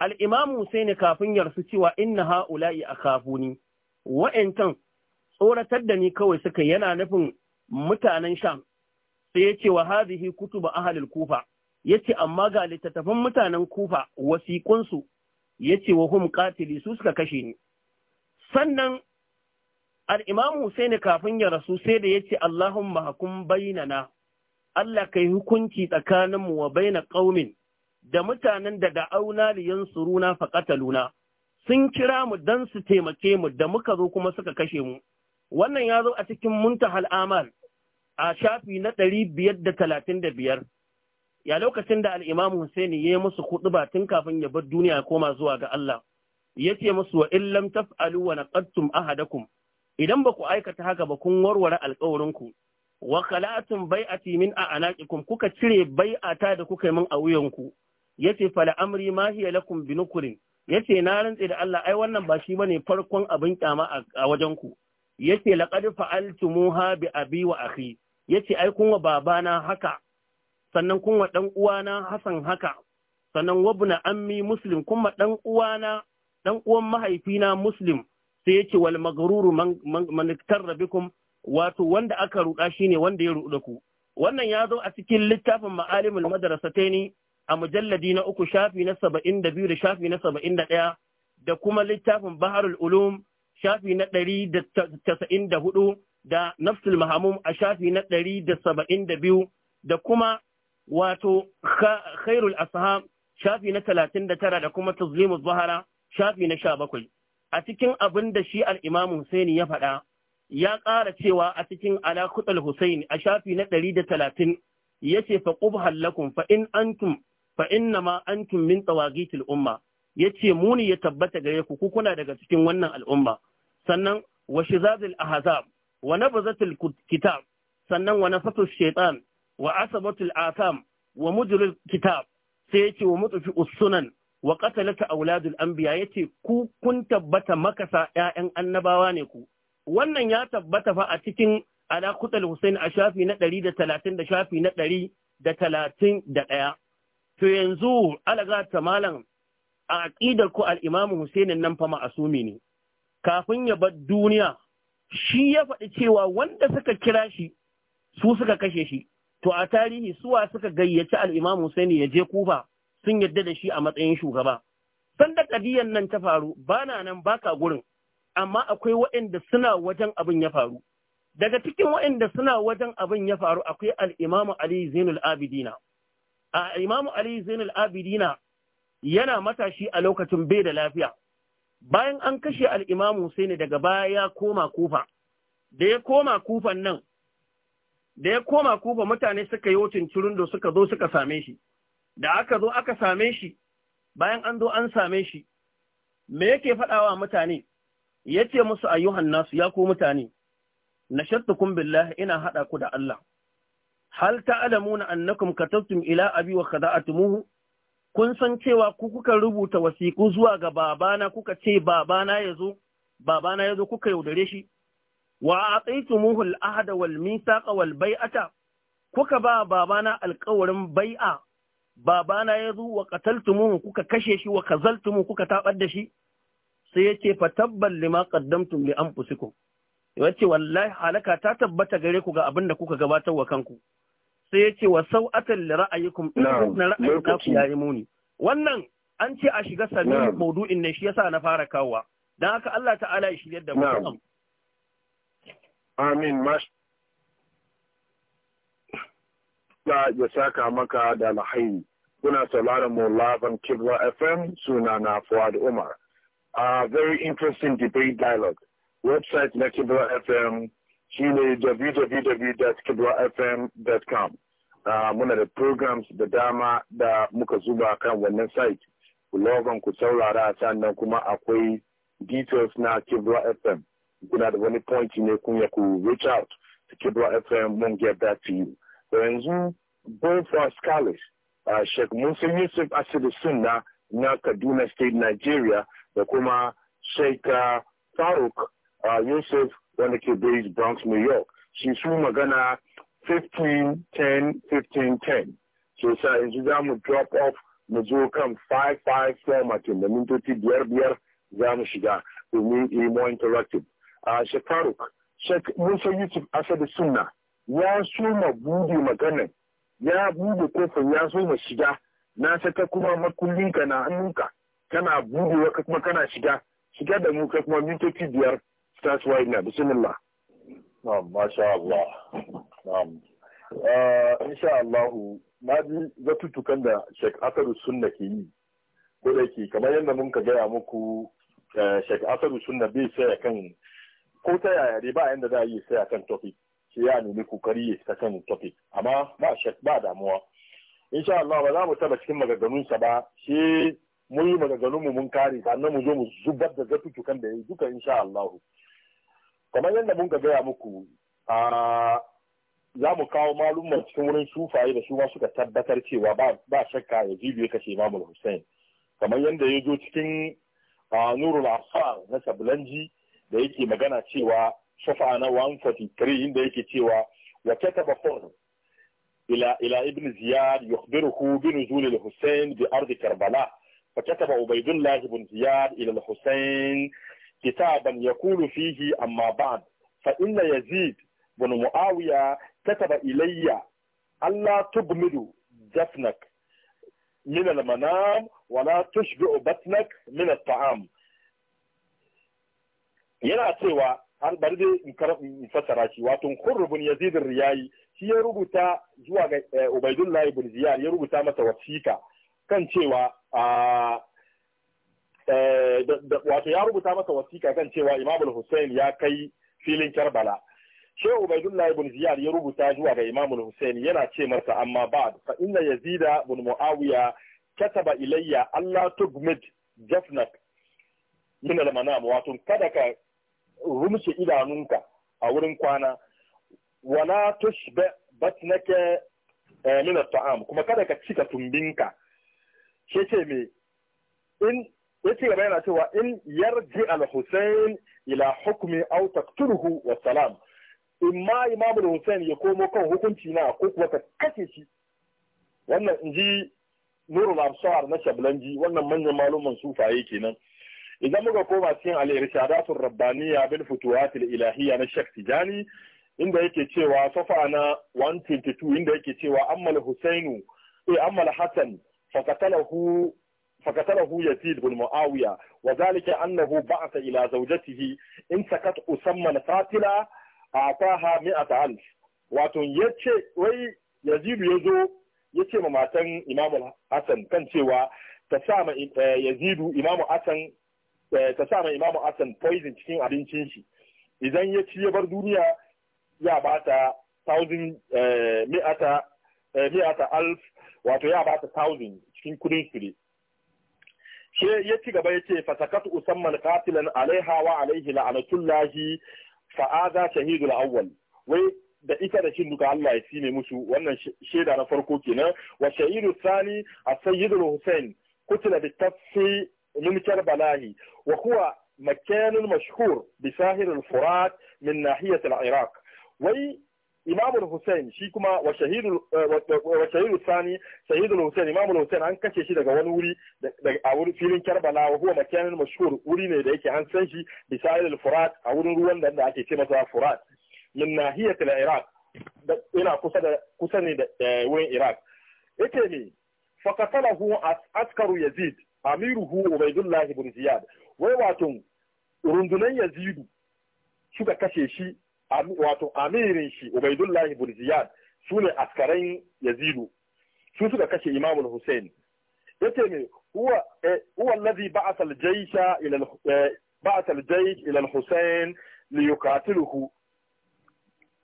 Al'imamu Hussaini kafin yarsu cewa inna ha'ula'i a kafuni, Waɗancan. tsoratar da ni kawai suka yana nufin mutanen sham sai ya ce wa kutu kutuba ahalil kufa Ya ce, amma ga littattafan mutanen kufa wasiƙunsu ce, wa hum katili su suka kashe ni sannan alimam imam Husaini kafin ya rasu sai da ya yace Allahumma hakum na, Allah kai hukunci tsakaninmu wa baina ƙaumin da mutanen da da'auna runa faƙata luna, sun kira mu don su taimake mu da muka zo kuma suka kashe mu wannan ya zo a cikin muntahal amal a shafi na ɗari biyar da talatin da biyar ya lokacin da al'imamu Hussaini ya yi musu ba tun kafin ya bar duniya koma zuwa ga Allah ya ce musu wa illam taf'alu wa naqattum ahadakum idan ba ku aikata haka ba kun warware alƙawarinku wa khala'atum bai'ati min a'naqikum kuka cire bai'ata da kuka yi min a wuyanku yace fala amri ma hiya lakum binukurin yace na rantse da Allah ai wannan ba shi bane farkon abin kyama a wajen ku yace laqad fa'altumuha bi abi wa akhi yace ai kun babana haka sannan kun dan uwana Hassan haka sannan wabna ammi muslim kuma dan uwana dan uwan mahaifina muslim sai yace wal maghruru man bikum wato wanda aka ruda shine wanda ya ruda ku wannan ya zo a cikin littafin ma'alimul madrasataini a mujalladi na uku shafi na saba'in da biyu da shafi na saba'in da ɗaya da kuma littafin baharul ulum shafi na ɗari da casa'in da hudu da nafsul mahamum a shafi na ɗari da saba'in da biyu da kuma wato khairul ashab shafi na talatin da tara da kuma tazlimu zahara shafi na sha bakwai a cikin abin da shi al'imamu Husaini ya faɗa ya ƙara cewa a cikin alakutal Husaini a shafi na ɗari da talatin ya ce fa fa in umma ya ce muni ya tabbata gare ku kuna daga cikin wannan al'umma sannan wa shizazil ahzab wa nabzatil kitab sannan wa nasatu shaitan wa asabatul asam wa mujril kitab sai yace wa mutfi usunan wa qatalata auladul anbiya yace ku kun tabbata makasa ƴaƴan annabawa ne ku wannan ya tabbata fa a cikin ala husain a shafi na ɗari da talatin da shafi na ɗari da talatin da ɗaya to yanzu alaga malam a aƙidar ku al'imamu Husainin nan fa ma'asumi ne, kafin ya bar duniya, shi ya faɗi cewa wanda suka kira shi, su suka kashe shi, to a tarihi suwa suka gayyaci al'imamu Hussein ya je kufa sun yarda da shi a matsayin shugaba. Sanda ƙadiyan nan ta faru, ba na nan baka gurin, amma akwai waɗanda suna wajen abin ya faru. Daga cikin waɗanda suna wajen abin ya faru akwai al'imamu Ali Zainul Abidina. A Alimamu Ali Zainul Abidina yana matashi a lokacin bai da lafiya bayan an kashe al'imam Husaini daga baya ya koma kufa da ya koma kufan nan da ya koma kufa mutane suka yi wucin da suka zo suka same shi da aka zo aka same shi bayan an zo an same shi me yake faɗawa mutane ya ce musu ayyuhan nasu ya ku mutane na kumbin billahi ina haɗa ku da Allah hal na annakum katabtum ila abi wa khada'atumuhu kun san cewa ku kuka rubuta wasiku zuwa ga babana kuka ce babana ya zo babana ya zo kuka yaudare shi wa a tsaitu al-ahda wal ƙawal wal bai'ata kuka ba babana alƙawarin bai'a babana ya zo wa muhu kuka kashe shi wa kazaltumu kuka taɓar da shi sai ya yace fatabbal lima qaddamtum li anfusikum yace wallahi halaka ta tabbata gare ku ga abin da kuka gabatar wa kanku sai yace wa sau'atan li ra'ayikum inna ra'ayikum yayi muni wannan an ce a shiga sanin maudu'in ne shi yasa na fara kawowa Don haka Allah ta'ala ya shiryar da mu amin mash ya saka maka da alhaini kuna sauraron mu laban Kibra FM suna na Fuad Umar. A very interesting debate dialogue. Website na Kibra FM shine www.kidwafm.com ah, muna da programs da dama da muka zuba kan wannan site ku logon ku saurara sannan kuma akwai details na kidwa FM kuna da wani point ne kun ya ku reach out to kidwa FM mun get that to you da yanzu Bonfas College uh, Sheikh Musa Yusuf Asidu Sunna na Kaduna State Nigeria da kuma Sheikh ah, Faruk uh, ah, Yusuf wanda ke based Bronx, New York. Shi su magana 15, 10, 15, 10. So sa yanzu za mu drop off mu zo kan 5-5 formatin da mintoci biyar biyar za mu shiga domin yi more interactive. Uh, Sheikh Faruk, Sheikh Musa Yusuf Asadu Sunna ya ma bude maganan ya bude kofin ya so ma shiga na saka kuma makullinka na hannunka kana budewa kuma kana shiga shiga da mu kuma mintoci biyar That's right now. Bismillah. Na'am, masha Allah. Na'am. Uh, insha Allah na ji zatuttukan da Sheikh Asaru Sunna ke yi. Ko da ke kamar yadda mun ka gaya muku eh, Sheikh Asaru Sunna bai saya kan ko ta yaya dai ba yadda za a yi saya kan topic. Sai ya nemi kokari ya ta kan topic. Amma ba Sheikh ba damuwa. Insha Allah ba za mu taba cikin sa ba. Shi mun yi maganganun mu mun kare sannan mu zo mu zubar da zatuttukan da ya yi duka insha Allah. kamar yadda mun gaya muku a za mu kawo malumar cikin wurin sufaye da su suka tabbatar cewa ba shakka ya jibiya kashe imamul hussein kamar yadda ya zo cikin nurul asfar na sablanji da yake magana cewa shafa na 143 inda yake cewa wa kataba fur ila ila ibn ziyad yukhbiruhu bi nuzul al-husayn bi ardi karbala fa kataba ubaydullah ibn ziyad ila al-husayn كتابا يقول فيه أما بعد فإن يزيد بن معاوية كتب إلي ألا تجمد جفنك من المنام ولا تشبع بطنك من الطعام yana cewa har bari dai in fassara shi wato kurrubun yazid riyayi shi ya rubuta zuwa ga eh, ubaidullahi ibn ziyar ya rubuta masa wasiƙa kan cewa ah, Eh, wato ya rubuta masa wasiƙa kan cewa Imam Hussein ya kai filin Karbala Shehu ubaidullahi bin Ziyad ya rubuta zuwa ga Imam Hussein yana ce masa amma ba fa inna Yazida bin Muawiya kataba ilayya Allah tugmid jafnak min al-manam wato kada ka rumshe idanunka a wurin kwana wala tushba batnaka eh, min taam kuma kada ka cika tumbinka ce ce me in ya ce gaba yana cewa in yarji al-Hussein ila hukmi aw taqtuluhu wa salam ma Imam al-Hussein ya komo kan hukunci na ko kuwa ka kashe shi wannan inji Nurul Absar na Shablanji wannan manyan maluman sufaye kenan idan muka koma cikin al-irshadatur rabbaniya bil futuhat al-ilahiyya na Sheikh Tijani inda yake cewa safa na 122 inda yake cewa ammal Husainu eh ammal Hassan fakatalahu فقتله يزيد بن معاوية وذلك أنه بعث إلى زوجته إن سكت أسمى قاتلا أعطاها مئة ألف واتن وي يزيد يزو يتشي مماتن إمام الحسن كان سوى تسامى يزيد إمام الحسن تسامى إمام الحسن فويزن تكين abincin تنشي إذن ya يبر ya bar duniya ya bata thousand mi'ata mi'ata alf wato ya bata thousand cikin she ya ci gaba yace fatakat usamman qatilan alaiha wa alaihi la'anatullahi fa aza shahidul awwal wai da ita da shin duka Allah ya tsine musu wannan sheda na farko kenan wa shahidu thani as-sayyidul husain kutila bi tafsi min karbalahi wa huwa makanun mashhur bi sahir al-furat min nahiyat al-iraq وي imamul hussein shi kuma wa shahidu eh, sani Shahidu hussein imamul hussein an kashe shi daga wani wuri a wurin filin karbala wa huwa makanin mashhur wuri ne da yake an san shi al furat a wurin ruwan da ake ce masa furat min al iraq ina kusa da kusa ne da eh, wurin iraq yake ne qatalahu askaru yazid amiruhu Ubaydullah ibn ziyad wai wato rundunan yazidu suka kashe shi wato amirin shi ubaidullahi burziyad su ne askaran yazidu su suka kashe imamul hussein yace ne huwa eh, huwa alladhi ba'atha al-jaysha ila eh, ba'atha al-jaysh ila al-husayn li yuqatiluhu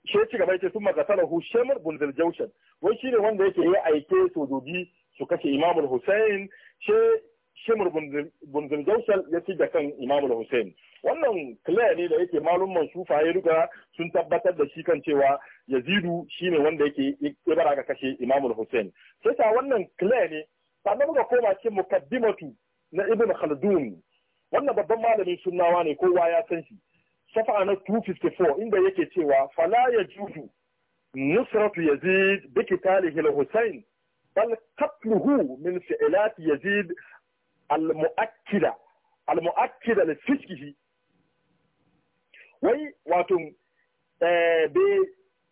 shi ci gaba yace thumma qatalahu shamr bin al-jawshan wai shine wanda yake ya aike sojoji su kashe imamul hussein shi shamr bin al-jawshan ya ci da kan imamul hussein wannan clear ne da yake malumman sufaye duka sun tabbatar da shi kan cewa yazidu shine wanda yake ibara ka kashe imamul hussein sai ta wannan clear ne sannan muka koma cikin mukaddimatu na ibn khaldun wannan babban malamin sunawa ne kowa ya san shi safa na 254 inda yake cewa fala ya yajudu nusratu yazid bi qitalihi al bal qatluhu min fi'lat yazid al-mu'akkida al-mu'akkida li wai wato eh, bai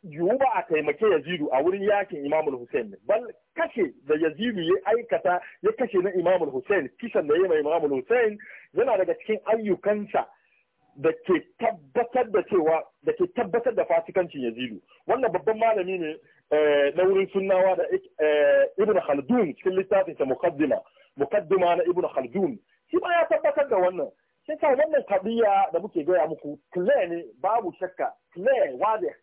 yiwu ba a taimake yazidu a wurin yakin imamul hussein ne bal kashe da yazidu ya aikata ya kashe na imamul hussein kisan da ya mai imamul hussein yana daga cikin ayyukansa da ke tabbatar da cewa da ke tabbatar da fasikancin yazidu wannan babban malami ne eh, na wurin sunnawa da eh, ibn khaldun cikin littafinsa muqaddima muqaddima na ibn khaldun shi ma ya tabbatar da wannan sai wannan tabiya da muke gaya muku clear ne babu shakka clear wabe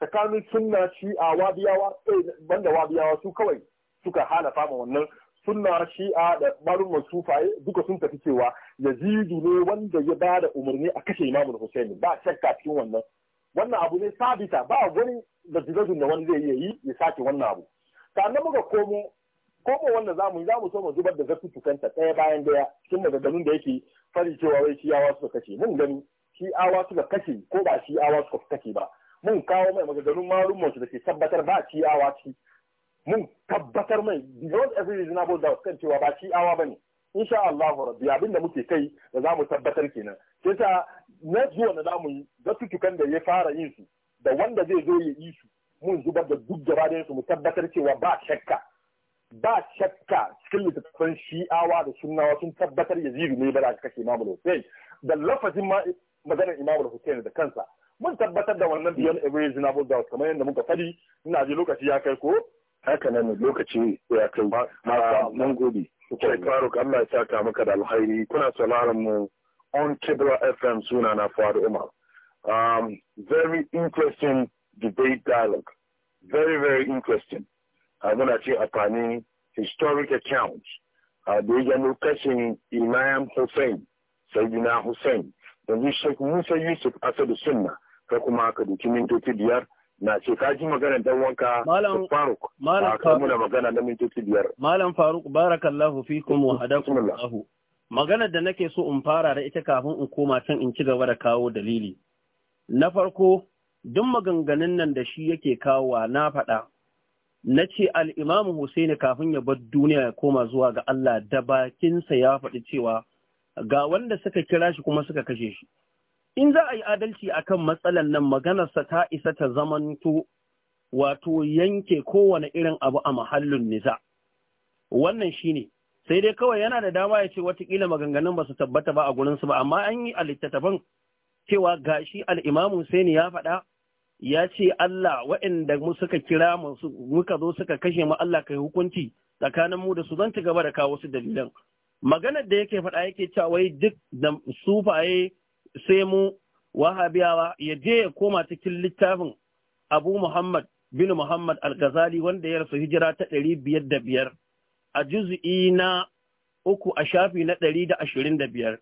tsakanin sunna shi'a wabiyawa eh banda wabiyawa su kawai suka hana fama wannan sunna shi'a da barun sufaye duka sun tafi cewa yazidu ne wanda ya ba da umarni a kashe imamul husaini ba shakka cikin wannan wannan abu ne sabita ba wani da da wani zai iya yi ya sake wannan abu sannan muka komo komo wannan zamu za mu so mu zubar da zafi tukanta ɗaya bayan daya cikin maganganun da yake fari cewa wai shi'awa suka kashe mun gani shi'awa suka kashe ko ba shi'awa suka kashe ba mun kawo mai maganganun marun mace da ke tabbatar ba shi'awa ci mun tabbatar mai beyond every reasonable doubt kan cewa ba shi'awa ba ne sha Allah rabbi abin da muke kai da za mu tabbatar kenan sai ta na zuwa na zamu yi tutukan da ya fara yin su da wanda zai zo ya yi su mun zubar da duk gaba da su mu tabbatar cewa ba shakka ba shakka cikin littattafan shi'awa da sunnawa sun tabbatar yazidu ne ba za ka kashe imamul hussein da lafazin ma maganar imamul hussein da kansa mun tabbatar da wannan biyan every reasonable doubt kamar yadda muka fadi ina ji lokaci ya kai ko haka nan lokaci ya kai ah, mun gode sai faruk Allah ya saka maka da alhairi kuna sauraron mu on Kibra FM suna na faru Umar um very interesting debate dialogue very very interesting muna ce amfani historic account da ya gano kashin imam hussein sayyidina hussein yanzu shek musa yusuf asadu sunna ka kuma ka duki mintoci biyar na ce ka ji maganar dan wanka faruk malam faruk muna magana na mintoci biyar malam faruk barakallahu fikum wa hadakum allah maganar da nake so in fara da ita kafin in koma can in ci gaba da kawo dalili na farko duk maganganun nan da shi yake kawowa na faɗa na ce al'imamu Hussaini kafin ya bar duniya ya koma zuwa ga Allah da bakinsa ya faɗi cewa ga wanda suka kira shi kuma suka kashe shi. In za a yi adalci a kan matsalan nan maganarsa ta isa ta zamanto wato yanke kowane irin abu a muhallin niza. Wannan shi ne, sai dai kawai yana da dama ya ce watakila maganganun ba su tabbata ba a gurinsu ba, amma an yi a littattafan cewa shi al'imamu Hussaini ya faɗa ya ce Allah waɗanda mu suka kira mu muka zo suka kashe mu Allah kai hukunci tsakanin mu da su zan ci gaba da kawo su dalilan maganar da yake faɗa yake cewa wai duk da sufaye sai mu wahabiyawa ya je ya koma cikin littafin Abu Muhammad bin Muhammad Al-Ghazali wanda ya rasu hijira ta ɗari biyar da biyar a juz'i na uku a shafi na ɗari da ashirin da biyar.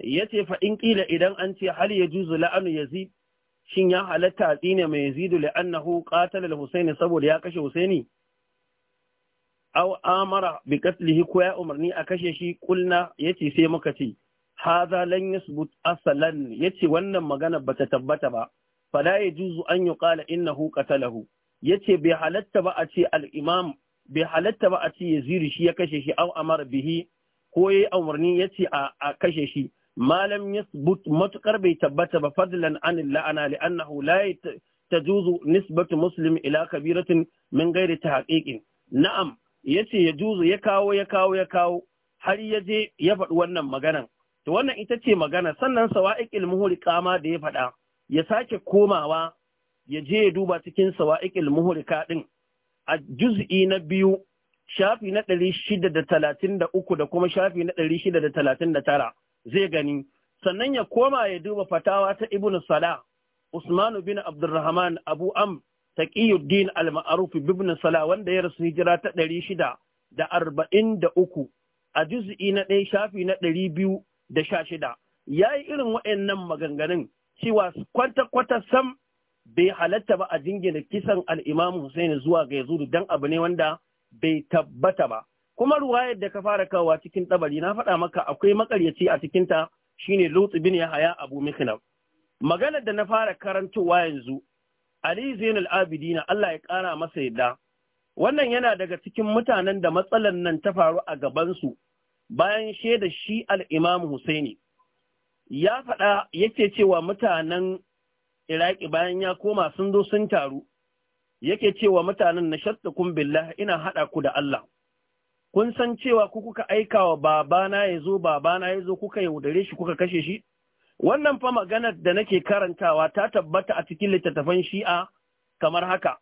Ya ce fa in ƙila idan an ce hal ya juzu la'anu yazi. shin ya halatta a tsine mai yazidu la qatala al-husaini saboda ya kashe husaini aw amara bi qatlihi ko ya umarni a kashe shi kulna yace sai muka ce hadha lan yasbut asalan yace wannan magana bata tabbata ba fala yajuzu an yuqala innahu qatalahu yace bai halatta ba a ce al-imam bai halatta ba a ce yazidu shi ya kashe shi aw amara bihi ko yayi umarni yace a kashe shi malam yasbut matukar bai tabbata ba fadlan an la'ana li'annahu la tajuzu nisbatu muslim ila kabiratin min ghairi tahqiqin na'am yace yajuzu ya kawo ya kawo ya kawo har ya je ya faɗi wannan maganan to wannan ita ce magana sannan sawa'iqil muhri kama da ya faɗa ya sake komawa ya je ya duba cikin sawa'iqil muhrika din a juz'i na biyu shafi na ɗari shida da talatin da uku da kuma shafi na ɗari shida da talatin da tara zai gani sannan ya koma ya duba fatawa ta ibnu Salah Usmanu bin Abdulrahman Abu Am Taqiyuddin al-Ma'ruf ibn sala wanda ya rasu hijira ta ɗari shida da arba'in da uku a juz'i na ɗaya shafi na ɗari biyu da sha shida ya yi irin waɗannan maganganun cewa kwata-kwata sam bai halatta ba a jingina kisan al al'imamu Hussaini zuwa ga yazudu don abu ne wanda bai tabbata ba. kuma ruwayar da ka fara kawa cikin tabari na faɗa maka akwai makaryaci a cikin cikinta shine Lutsu bin Yahaya Abu Mikhnab maganar da na fara karantowa yanzu Ali Zainul Abidina Allah ya ƙara masa yadda wannan yana daga cikin mutanen da matsalan nan ta faru a gabansu bayan shaida shi al-Imam Husaini ya faɗa yake cewa mutanen Iraki bayan ya koma sun zo sun taru yake cewa mutanen na shatta kumbin billah ina haɗa ku da Allah kun san cewa ku kuka aika wa babana ya zo babana ya zo kuka yaudare shi kuka kashe shi wannan fa maganar da nake karantawa ta tabbata a cikin littattafan shi'a kamar haka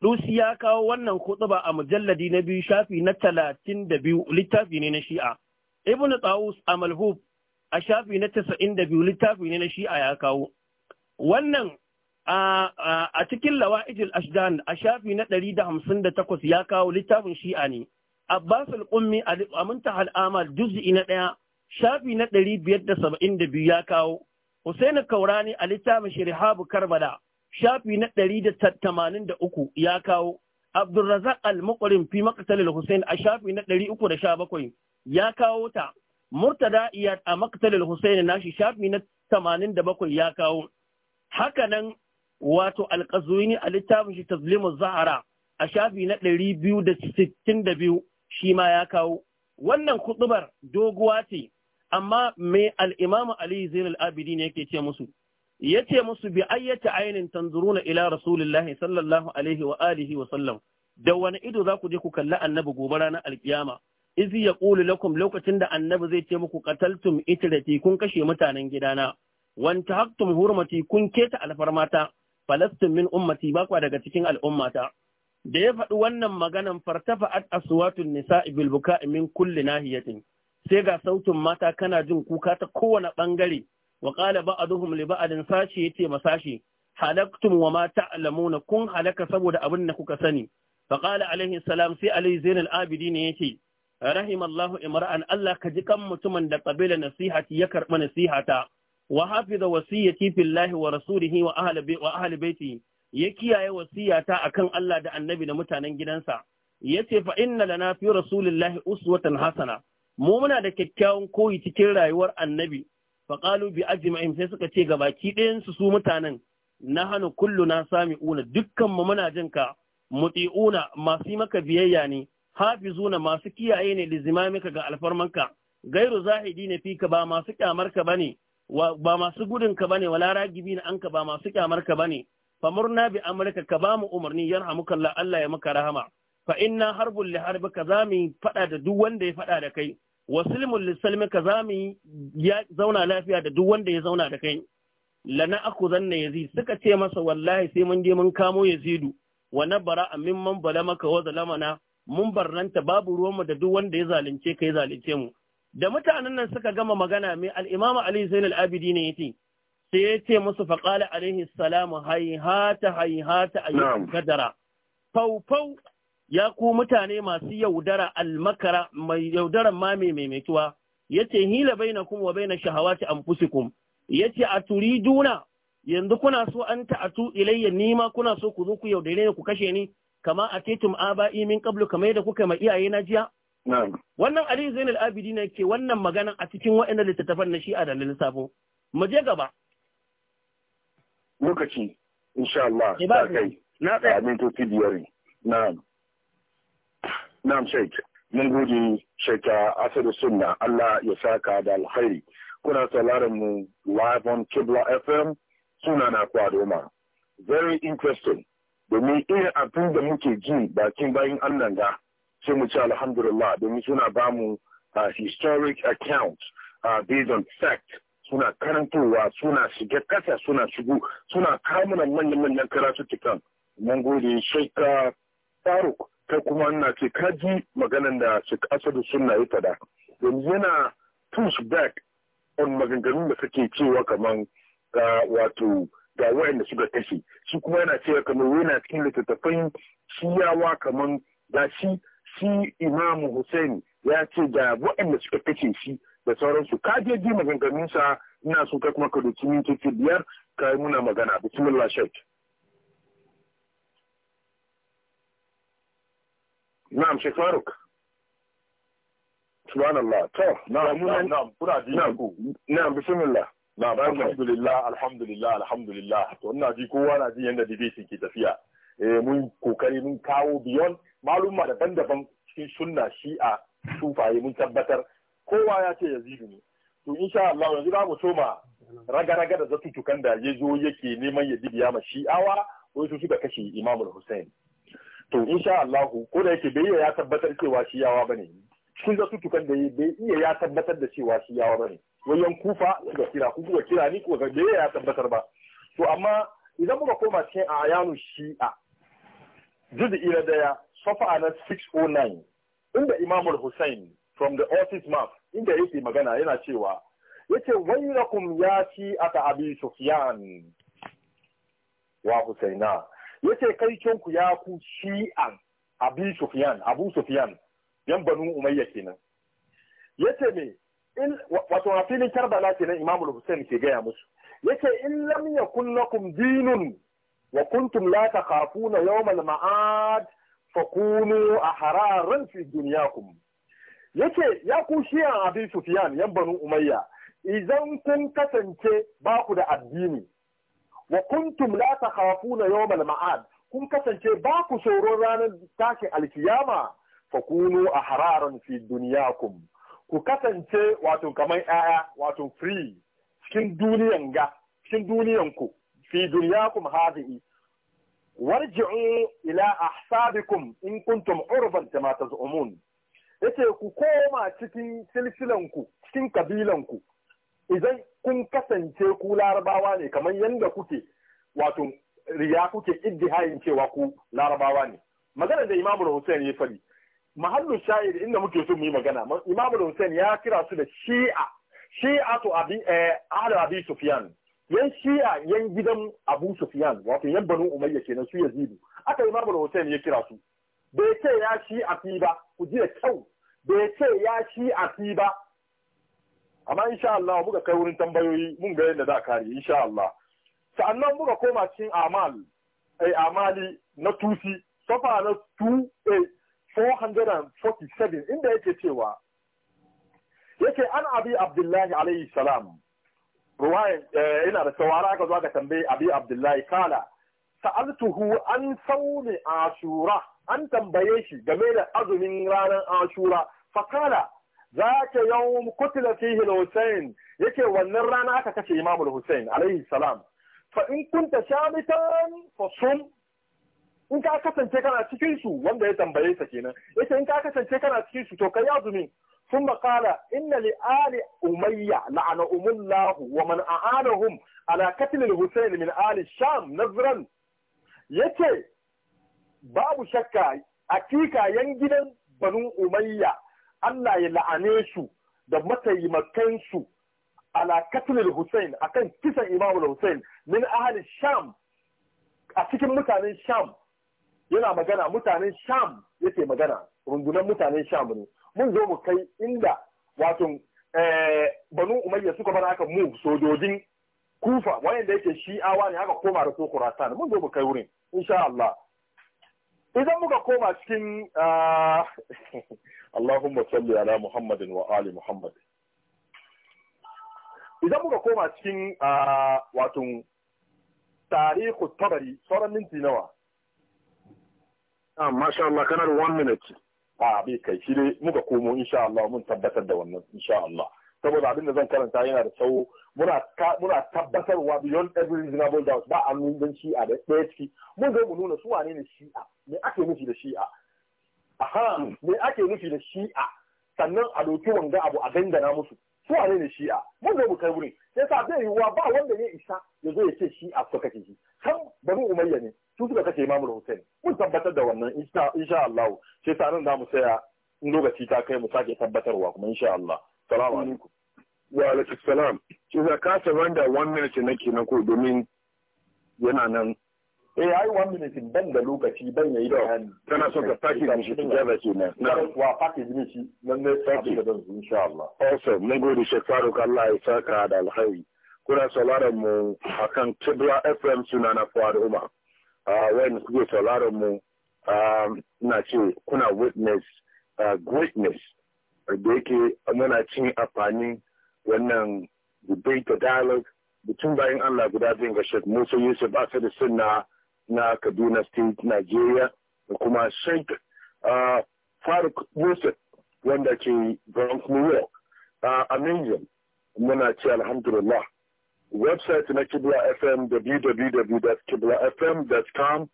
lusi ya kawo wannan kutuba a mujalladi na biyu shafi na talatin da biyu littafi ne na shi'a. Ibn Tawus a Malhub a shafi na tasa'in da biyu littafi ne na shi'a ya kawo. Wannan a cikin Lawa'ijil Ashdan a shafi na ɗari da hamsin da takwas ya kawo littafin shi'a ne. Abbas al-Ummi a Muntaha al-Amal juz'i na ɗaya shafi na ɗari biyar da saba'in da biyu ya kawo Husainu Kaurani a littafin Shirihabu Karbala shafi na ɗari da tamanin da uku ya kawo Abdulrazak al-Muqrim fi maqtalil Husain a shafi na ɗari uku da sha bakwai ya kawo ta Murtada Iyad a maqtalil Husain nashi shafi na tamanin da bakwai ya kawo hakanan wato alƙazuini a littafin shi tazlimu zahara a shafi na ɗari biyu da sittin da biyu shi ma ya kawo wannan kutubar doguwa ce amma me al-Imam Ali Zain al ne yake ce musu yace musu bi ayyata ainin tanzuruna ila rasulullahi sallallahu alaihi wa alihi wa sallam da wani ido za ku je ku kalli annabi gobe ranar alkiyama izi ya ƙuli lakum lokacin da annabi zai ce muku qataltum itrati kun kashe mutanen gidana wanta haktun hurmati kun keta alfarmata falastin min ummati bakwa daga cikin al'ummata da ya faɗi wannan maganan fartafa at aswatun nisa'i bil buka'i min kulli nahiyatin sai ga sautin mata kana jin kuka ta kowane bangare wa qala ba'duhum li ba'din sashi yace masashi halaktum wa ma ta'lamuna kun halaka saboda abin da kuka sani fa qala alaihi salam sai alaihi zainal abidin yace rahimallahu imra'an Allah ka ji kan mutumin da qabila nasihati ya karba nasihata wa hafiza wasiyati billahi wa rasulihi wa ahli wa ahli ya kiyaye wasiyata akan Allah da annabi da mutanen gidansa ya ce fa inna lana fi rasulillahi uswatan hasana mu muna da kyakkyawan koyi cikin rayuwar annabi fa qalu bi ajma'in sai suka ce gabaki ɗayan su su mutanen Na nahanu kulluna sami'una dukkan mu muna jin ka muti'una masu maka biyayya ne hafizuna masu kiyaye ne lizimamika ga alfarmanka gairu zahidi ne fika ba masu kyamarka bane ba masu gudun ka bane wala ragibi na anka ba masu kyamarka bane famurna bi amurka ka ba mu umarni yarhamukallah Allah ya maka rahama fa inna harbul li harbika zamu fada da duk wanda ya faɗa da kai wa silmul li salmika zamu ya zauna lafiya da duk wanda ya zauna da kai lana akuzanna yazid suka ce masa wallahi sai mun je mun kamo yazidu a nabara mimman balamaka wa lamana, mun barranta babu ruwanmu da duk wanda ya zalunce kai zalunce mu da mutanen nan suka gama magana mai al-imamu ali zainal abidi ne yace sai ya ce musu faƙala alaihi salamu haihata haihata a yau kadara faufau ya ku mutane masu yaudara almakara mai yaudaran ma mai maimaituwa ya ce hila baina kum wa ta amfusi anfusikum ya ce a turiduna yanzu kuna so an ta'atu ilayya nima kuna so ku zo ku yaudare ku kashe ni kama a tetum aba'i min kablu kamar yadda kuka ma iyaye na jiya wannan Aliyu zainal abidi ne ke wannan magana a cikin waɗannan littattafan na shi'a da lissafo mu je gaba lokaci insha Allah ta kai na tsaya mintoci na ne na'am na'am sheik mun gode sheik asadu sunna Allah ya saka da alkhairi kuna sauraron mu live on Kibla FM suna na kwadoma very interesting domin irin abin da muke ji bakin bayan Allah ga sai mu ce alhamdulillah domin suna bamu uh, historic account uh, based on fact suna karantowa suna shiga kasa suna shigo suna kamunan manyan manyan karatuttukan mun gode shaika faruk kai kuma ina ce ka ji maganan da su da suna yi fada yanzu yana push back on maganganun da suke cewa kamar ga wato ga wayanda suka kashe shi kuma yana cewa kamar yana cikin littattafai shiyawa kamar. ga shi shi imamu hussein ya ce ga wayanda suka kashe shi da sauransu ka je ji maganganun sa ina so ka kuma ka doki mintoci biyar ka yi muna magana bismillah shek na'am shek faruk subhanallah to na'am na'am kuna ji na'am bismillah na'am alhamdulillah alhamdulillah alhamdulillah to ina ji kowa na ji yanda debate ke tafiya eh mun kokari mun kawo biyon maluma daban-daban cikin sunna shi'a sufaye mun tabbatar kowa ya ce yazidu ne to insha Allah yanzu za mu soma raga-raga da zatutukan da ya zo yake neman ya dibiya ma shi'awa wai su suka kashe Imam Hussein to insha Allah ko da yake bai iya ya tabbatar cewa shi'awa ba ne. cikin zatutukan da ya bai iya ya tabbatar da cewa shi'awa ba Wai wayan kufa suka kira ku kuka kira ni ko ga bai iya ya tabbatar ba to amma idan muka koma cikin ayanu shi'a juz'i na daya safa na 609 inda Imam Hussein from the office map inda yake magana yana cewa yace wairakum ya shi aka abi sufyan wa husaina yace kai ku ya ku shi'an abi sufyan abu sufyan yan banu umayya kenan yace me in wato a filin karbala kenan imamu husain ke gaya musu yace in lam yakun lakum dinun wa kuntum la takhafuna yawmal al ma'ad fakunu ahrarun fi dunyakum yace ya ku shiyan abi sufiyan yan banu umayya idan kun kasance ba ku da addini wa kuntum la takhafuna al ma'ad kun kasance ba ku tsoron ranar tashin alkiyama fa kunu ahraran fi dunyakum ku kasance wato kamar yaya wato free cikin duniyan ga cikin duniyan ku fi dunyakum hadhihi warji'u ila ahsabikum in kuntum urban kama taz'umun yace ku koma cikin silsilanku cikin kabilanku idan kun kasance ku larabawa ne kamar yadda kuke wato riya kuke iddihayin cewa ku larabawa ne magana da imamu da hussein ya fari mahallu sha'ir inda muke so mu yi magana imamu da hussein ya kira su da shi'a shi'a to abi eh abi sufyan yan shi'a yan gidan abu sufyan wato yan banu umayya kenan su yazidu aka imamu da hussein ya kira su bai ce ya shi'a fi ba ku ji da kyau bai ce ya shi a fi ba amma insha Allah muka kai wurin tambayoyi mun ga yadda za kare insha Allah sa'annan muka koma cikin amal ai eh, amali na tusi safa na 2 447 eh, inda yake cewa yake an abi abdullahi alayhi salam ruwayan eh, ina da sawara ka zo ka tambaye abi abdullahi kala sa'altuhu an sauni ashura an tambaye shi game da azumin ranar ashura fakala za ta yawon kutila fihi hussein yake wannan rana aka kashe imamul hussein alaihi salam fa in kunta shamitan fa sum in ka kasance kana cikin su wanda ya tambaye sa kenan yace in ka kasance kana cikin su to kai azumi ثم قال إن لآل أمية لعنهم الله ومن أعانهم على قتل الحسين من آل الشام نظرا yace babu shakka hakika yan gidan banu umayya Allah ya la'ane su da mataimakan su ala katlil Hussein akan kisan Imam Hussein min ahli Sham a cikin mutanen Sham yana magana mutanen Sham yake magana rundunar mutanen Sham ne mun zo mu kai inda wato eh, banu umayya suka bar aka mu sojojin kufa wayanda yake shi'awa ne aka koma da su khurasan mun zo mu kai wurin insha Allah idan muka koma cikin ah, Allahumma salli ala Muhammadin wa ali Muhammad idan muka koma cikin ah, wato tarihu tabari sauran minti nawa ah masha Allah kana da 1 minute a ah, bai kai shi dai muka komo insha Allah mun tabbatar da wannan insha Allah saboda abin da zan karanta yana da tsawo muna tabbatarwa beyond every reasonable doubt ba a nuna shi'a da ɗaya ciki mun zo mu nuna su wane ne shi'a me ake nufi da shi'a aha me ake nufi da shi'a sannan a doki wanga abu a dangana musu su a ne shi'a mun zo mu kai wurin sai sa zai yiwuwa ba wanda ya isa ya zo ya ce shi'a su kake shi kan bari umayya ne su suka kashe imamul hussein mun tabbatar da wannan insha Allah sai sa nan za mu tsaya in lokaci ta kai mu sake tabbatarwa kuma insha Allah salamu alaikum wa alaikum salam shi za ka surrender one minute nake na ko domin yana nan eh ai one minute ban da lokaci ban yayi bayani kana so ka package shi together kenan na wa package ne shi nan ne package da insha Allah also mun gode Sheikh Faruk Allah ya saka da alkhairi kuna sauraron mu akan Kibra FM suna na Fuad Umar uh, ah, wayan kuke sauraron mu ah, na ce kuna witness ah, greatness da yake muna cin amfanin wannan debate the dialogue mutum bayan Allah guda biyun ga Sheikh Musa Yusuf Asadu Sunna na kaduna state nigeria da kuma sheikh ah, faruk yusuf wanda ke bronx new york ah, a Minjin muna ce alhamdulillah website na kibla fm www.kiblafm.com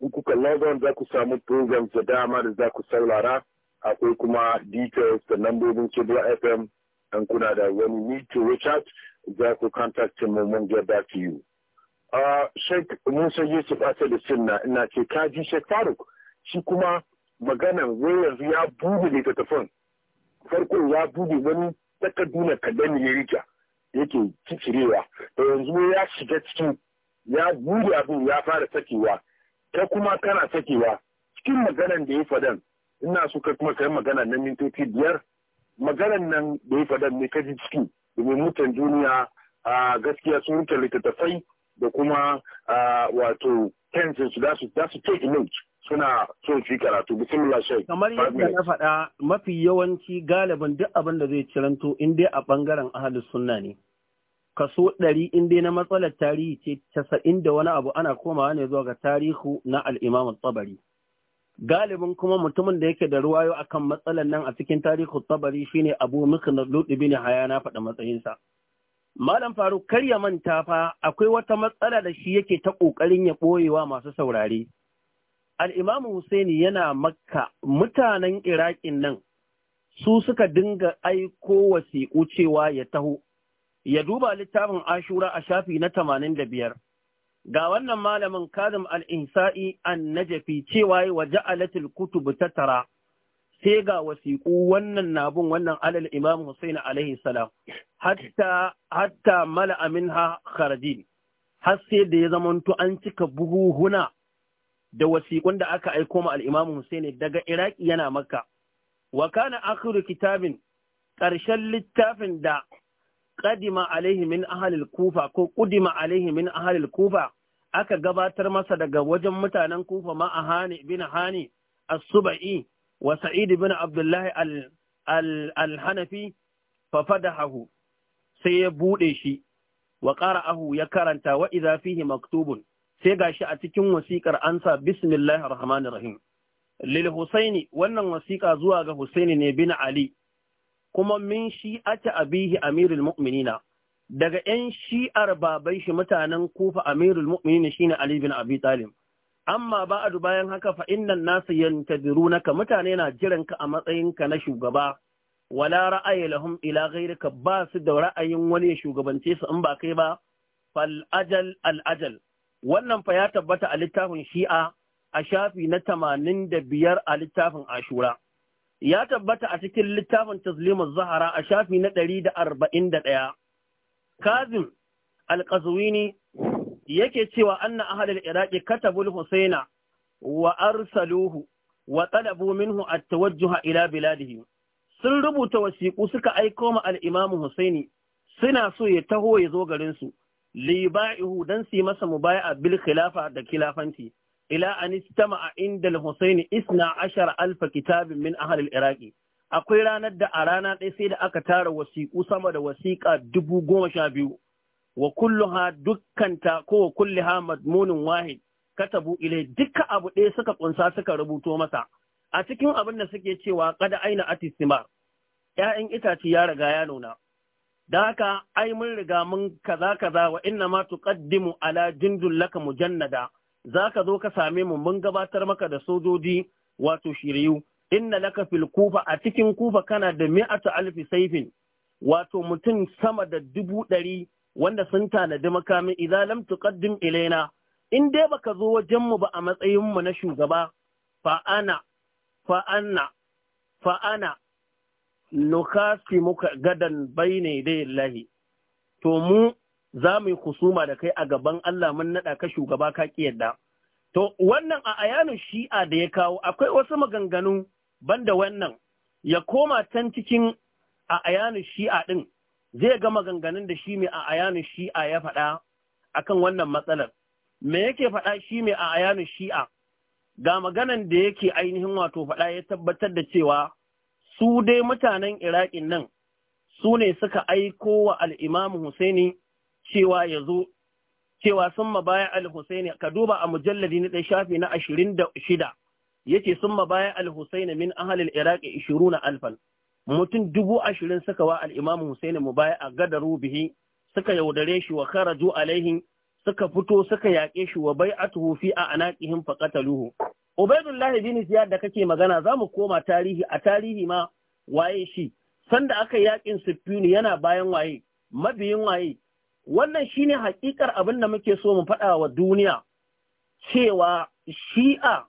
in kuka logon za ku samu programs da dama da za ku saurara akwai kuma details da lambobin kibla fm an kuna da wani need to reach out za ku contact mu mun get back to you Sheikh Musa Yusuf Asadu Sunna ina ce kaji Sheikh Faruk shi kuma maganan wai yanzu ya da littattafan farko ya bude wani takaduna kaɗan ne rika yake cicirewa Da yanzu ya shiga cikin ya bude abin ya fara sakewa ta kuma kana sakewa cikin maganan da ya fadan ina so ka kuma kai magana na mintoci biyar maganan nan da ya fadan ne ka ji ciki domin mutan duniya a gaskiya sun rike littattafai da kuma wato kansu da su za su take note suna so fi karatu bismillah shai kamar yadda na faɗa mafi yawanci galibin duk abin da zai ciranto in dai a ɓangaren ahlus sunna ne kaso ɗari in dai na matsalar tarihi ce casa'in da wani abu ana komawa ne zuwa ga tarihu na al'imam tsabari galibin kuma mutumin da yake da ruwayo akan matsalar nan a cikin tarihu tsabari shine abu mikna ludi ne haya faɗa matsayinsa Malam Faruk kar ya manta fa akwai wata matsala da shi yake ta ƙoƙarin ya ɓoyewa masu saurare. Al'imamu Husaini yana makka mutanen Iraƙin nan su suka dinga aiko wasiƙu cewa ya taho, ya duba littafin Ashura a shafi na tamanin da biyar. Ga wannan malamin Kazim al insa'i an-Najafi cewa waje alatul kutubu ta tara. sai ga wasiƙu wannan nabun wannan alal imam Hussein alaihi salam hatta hatta mala minha kharajin har sai da ya zamanto an cika buhuhuna da wasiƙun da aka aiko ma al-imam Hussein daga Iraki yana Makka wa kana akhiru kitabin ƙarshen littafin da qadima alaihi min ahli kufa ko qudima alaihi min ahli kufa aka gabatar masa daga wajen mutanen kufa ma ahani bin hani as-subai wa Sa'id bin Abdullahi alhanafi hanafi hahu sai ya bude shi wa qara'ahu ya karanta wa fihi maktubun sai gashi a cikin wasiƙar ansa bismillahir rahmanir rahim lil Husaini wannan wasiƙa zuwa ga Husaini ne bin Ali kuma min shi'ati abihi amirul mu'minina daga 'yan shi'ar baban shi mutanen kufa amirul mu'minina shine Ali bin Abi Talib amma ba'adu bayan haka fa innan nasu naka mutane na jiranka a matsayinka na shugaba wala ra'ayi lahum ila ghayrika ba su da ra'ayin wani ya shugabance su in ba kai ba fal ajal al ajal wannan fa ya tabbata a littafin shi'a a shafi na tamanin da biyar a littafin ashura ya tabbata a cikin littafin tazlimuz zahara a shafi na ɗari da arba'in da ɗaya kazim alƙazuwini yake cewa anna al iraqi katabul husaina wa arsaluhu wa talabu minhu at-tawajjuha ila biladihi sun rubuta wasiƙu suka aiko ma al-imam husaini suna so ya taho ya zo garin su libaihu dan su masa mubaya'a bil khilafa da kilafanci, ila an istama'a inda al-husaini isna ashar alfa kitabin min al iraqi akwai ranar da a rana ɗaya sai da aka tara wasiƙu sama da wasiƙa dubu goma sha biyu wa kulluha dukkanta ko wa kulliha madmunin wahid katabu ilai duka abu ɗaya suka kunsa suka rubuto masa a cikin abin da suke cewa kada aina atisima ‘ya'yan itace ya riga ya nuna da haka ai mun riga mun kaza kaza wa inna ma tuqaddimu ala jindul laka mujannada zaka zo ka same mu mun gabatar maka da sojoji wato shiriyu inna laka fil kufa a cikin kufa kana da mi'atu alfi saifin wato mutum sama da dubu ɗari wanda sun tanadi makami idan lam tuqaddim ilaina in dai baka zo wajen mu ba a matsayin mu na shugaba fa ana fa ana fa ana nukasi muka gadan baine dai lahi to mu za mu yi kusuma da kai a gaban Allah mun nada ka shugaba ka kiyarda to wannan a ayanu shi'a da ya kawo akwai wasu maganganu banda wannan ya koma can cikin a ayanu shi'a din zai ga maganganun da shi mai a ayanin shi'a ya faɗa kan wannan matsalar me yake faɗa shi mai a ayanin shi'a ga maganan da yake ainihin wato faɗa ya tabbatar da cewa su dai mutanen iraƙin nan su ne suka aiko wa al'imamu Husaini cewa ya zo cewa sun mabaya al-Husaini ka duba a mujalladi na shafi na ashirin da shida yake sun mabaya al-Husaini min ahalil Iraki ishiru na alfan mutum dubu ashirin suka wa al'imamu Hussaini mu baya a gadaru bihi suka yaudare shi wa kharaju alaihin suka fito suka yaƙe shi wa bai a fi a anaƙihin faƙataluhu. Ubaidullahi bin Ziyad da kake magana za mu koma tarihi a tarihi ma waye shi sanda aka yaƙin siffinu yana bayan waye mabiyin waye wannan shine hakikar abin da muke so mu faɗa wa duniya cewa shi'a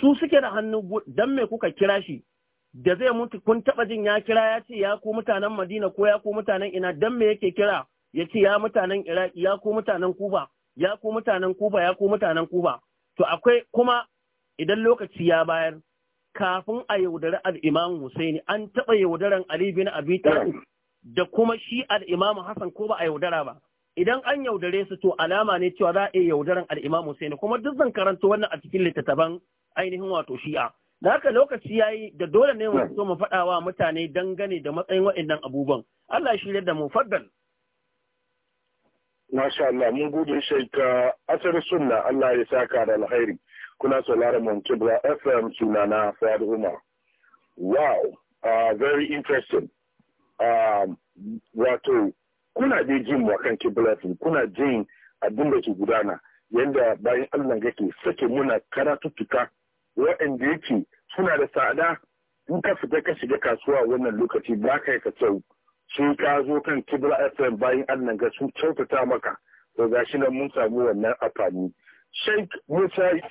su suke da hannu don me kuka kira shi da zai mutu kun taba jin ya kira ya ce ya ku mutanen Madina ko ya ku mutanen ina dan me yake kira ya ce ya mutanen Iraki ya ku mutanen Kuba ya ku mutanen Kuba ya ku mutanen Kuba to akwai kuma idan lokaci ya bayar kafin a yaudari al'imam Husaini an taɓa yaudaran Ali bin Abi da kuma shi al'imam Hassan ko ba a yaudara ba. Idan an yaudare su to alama ne cewa za a iya yaudaran al'imam Husaini kuma duk zan karanta wannan a cikin littattafan ainihin wato shi'a. da haka lokaci yayi da dole ne mu so mu faɗa wa mutane dangane da matsayin waɗannan abubuwan Allah shi da mu faddal Masha Allah mun gode shaika uh, asar sunna Allah ya saka da alkhairi kuna sauraron mun Kibra FM sunana Fayad Umar wow uh, very interesting um, wato kuna dai jin kan kiblatin kuna jin abin da ke gudana yadda bayan Allah ke sake muna tuka. waɗanda yake suna da tsada in ka fita ka shiga kasuwa wannan lokaci ba ka yi ka kyau sun ka zo kan kibra fm bayan nan ga sun kyautata maka to gashi nan mun samu wannan amfani sheik musa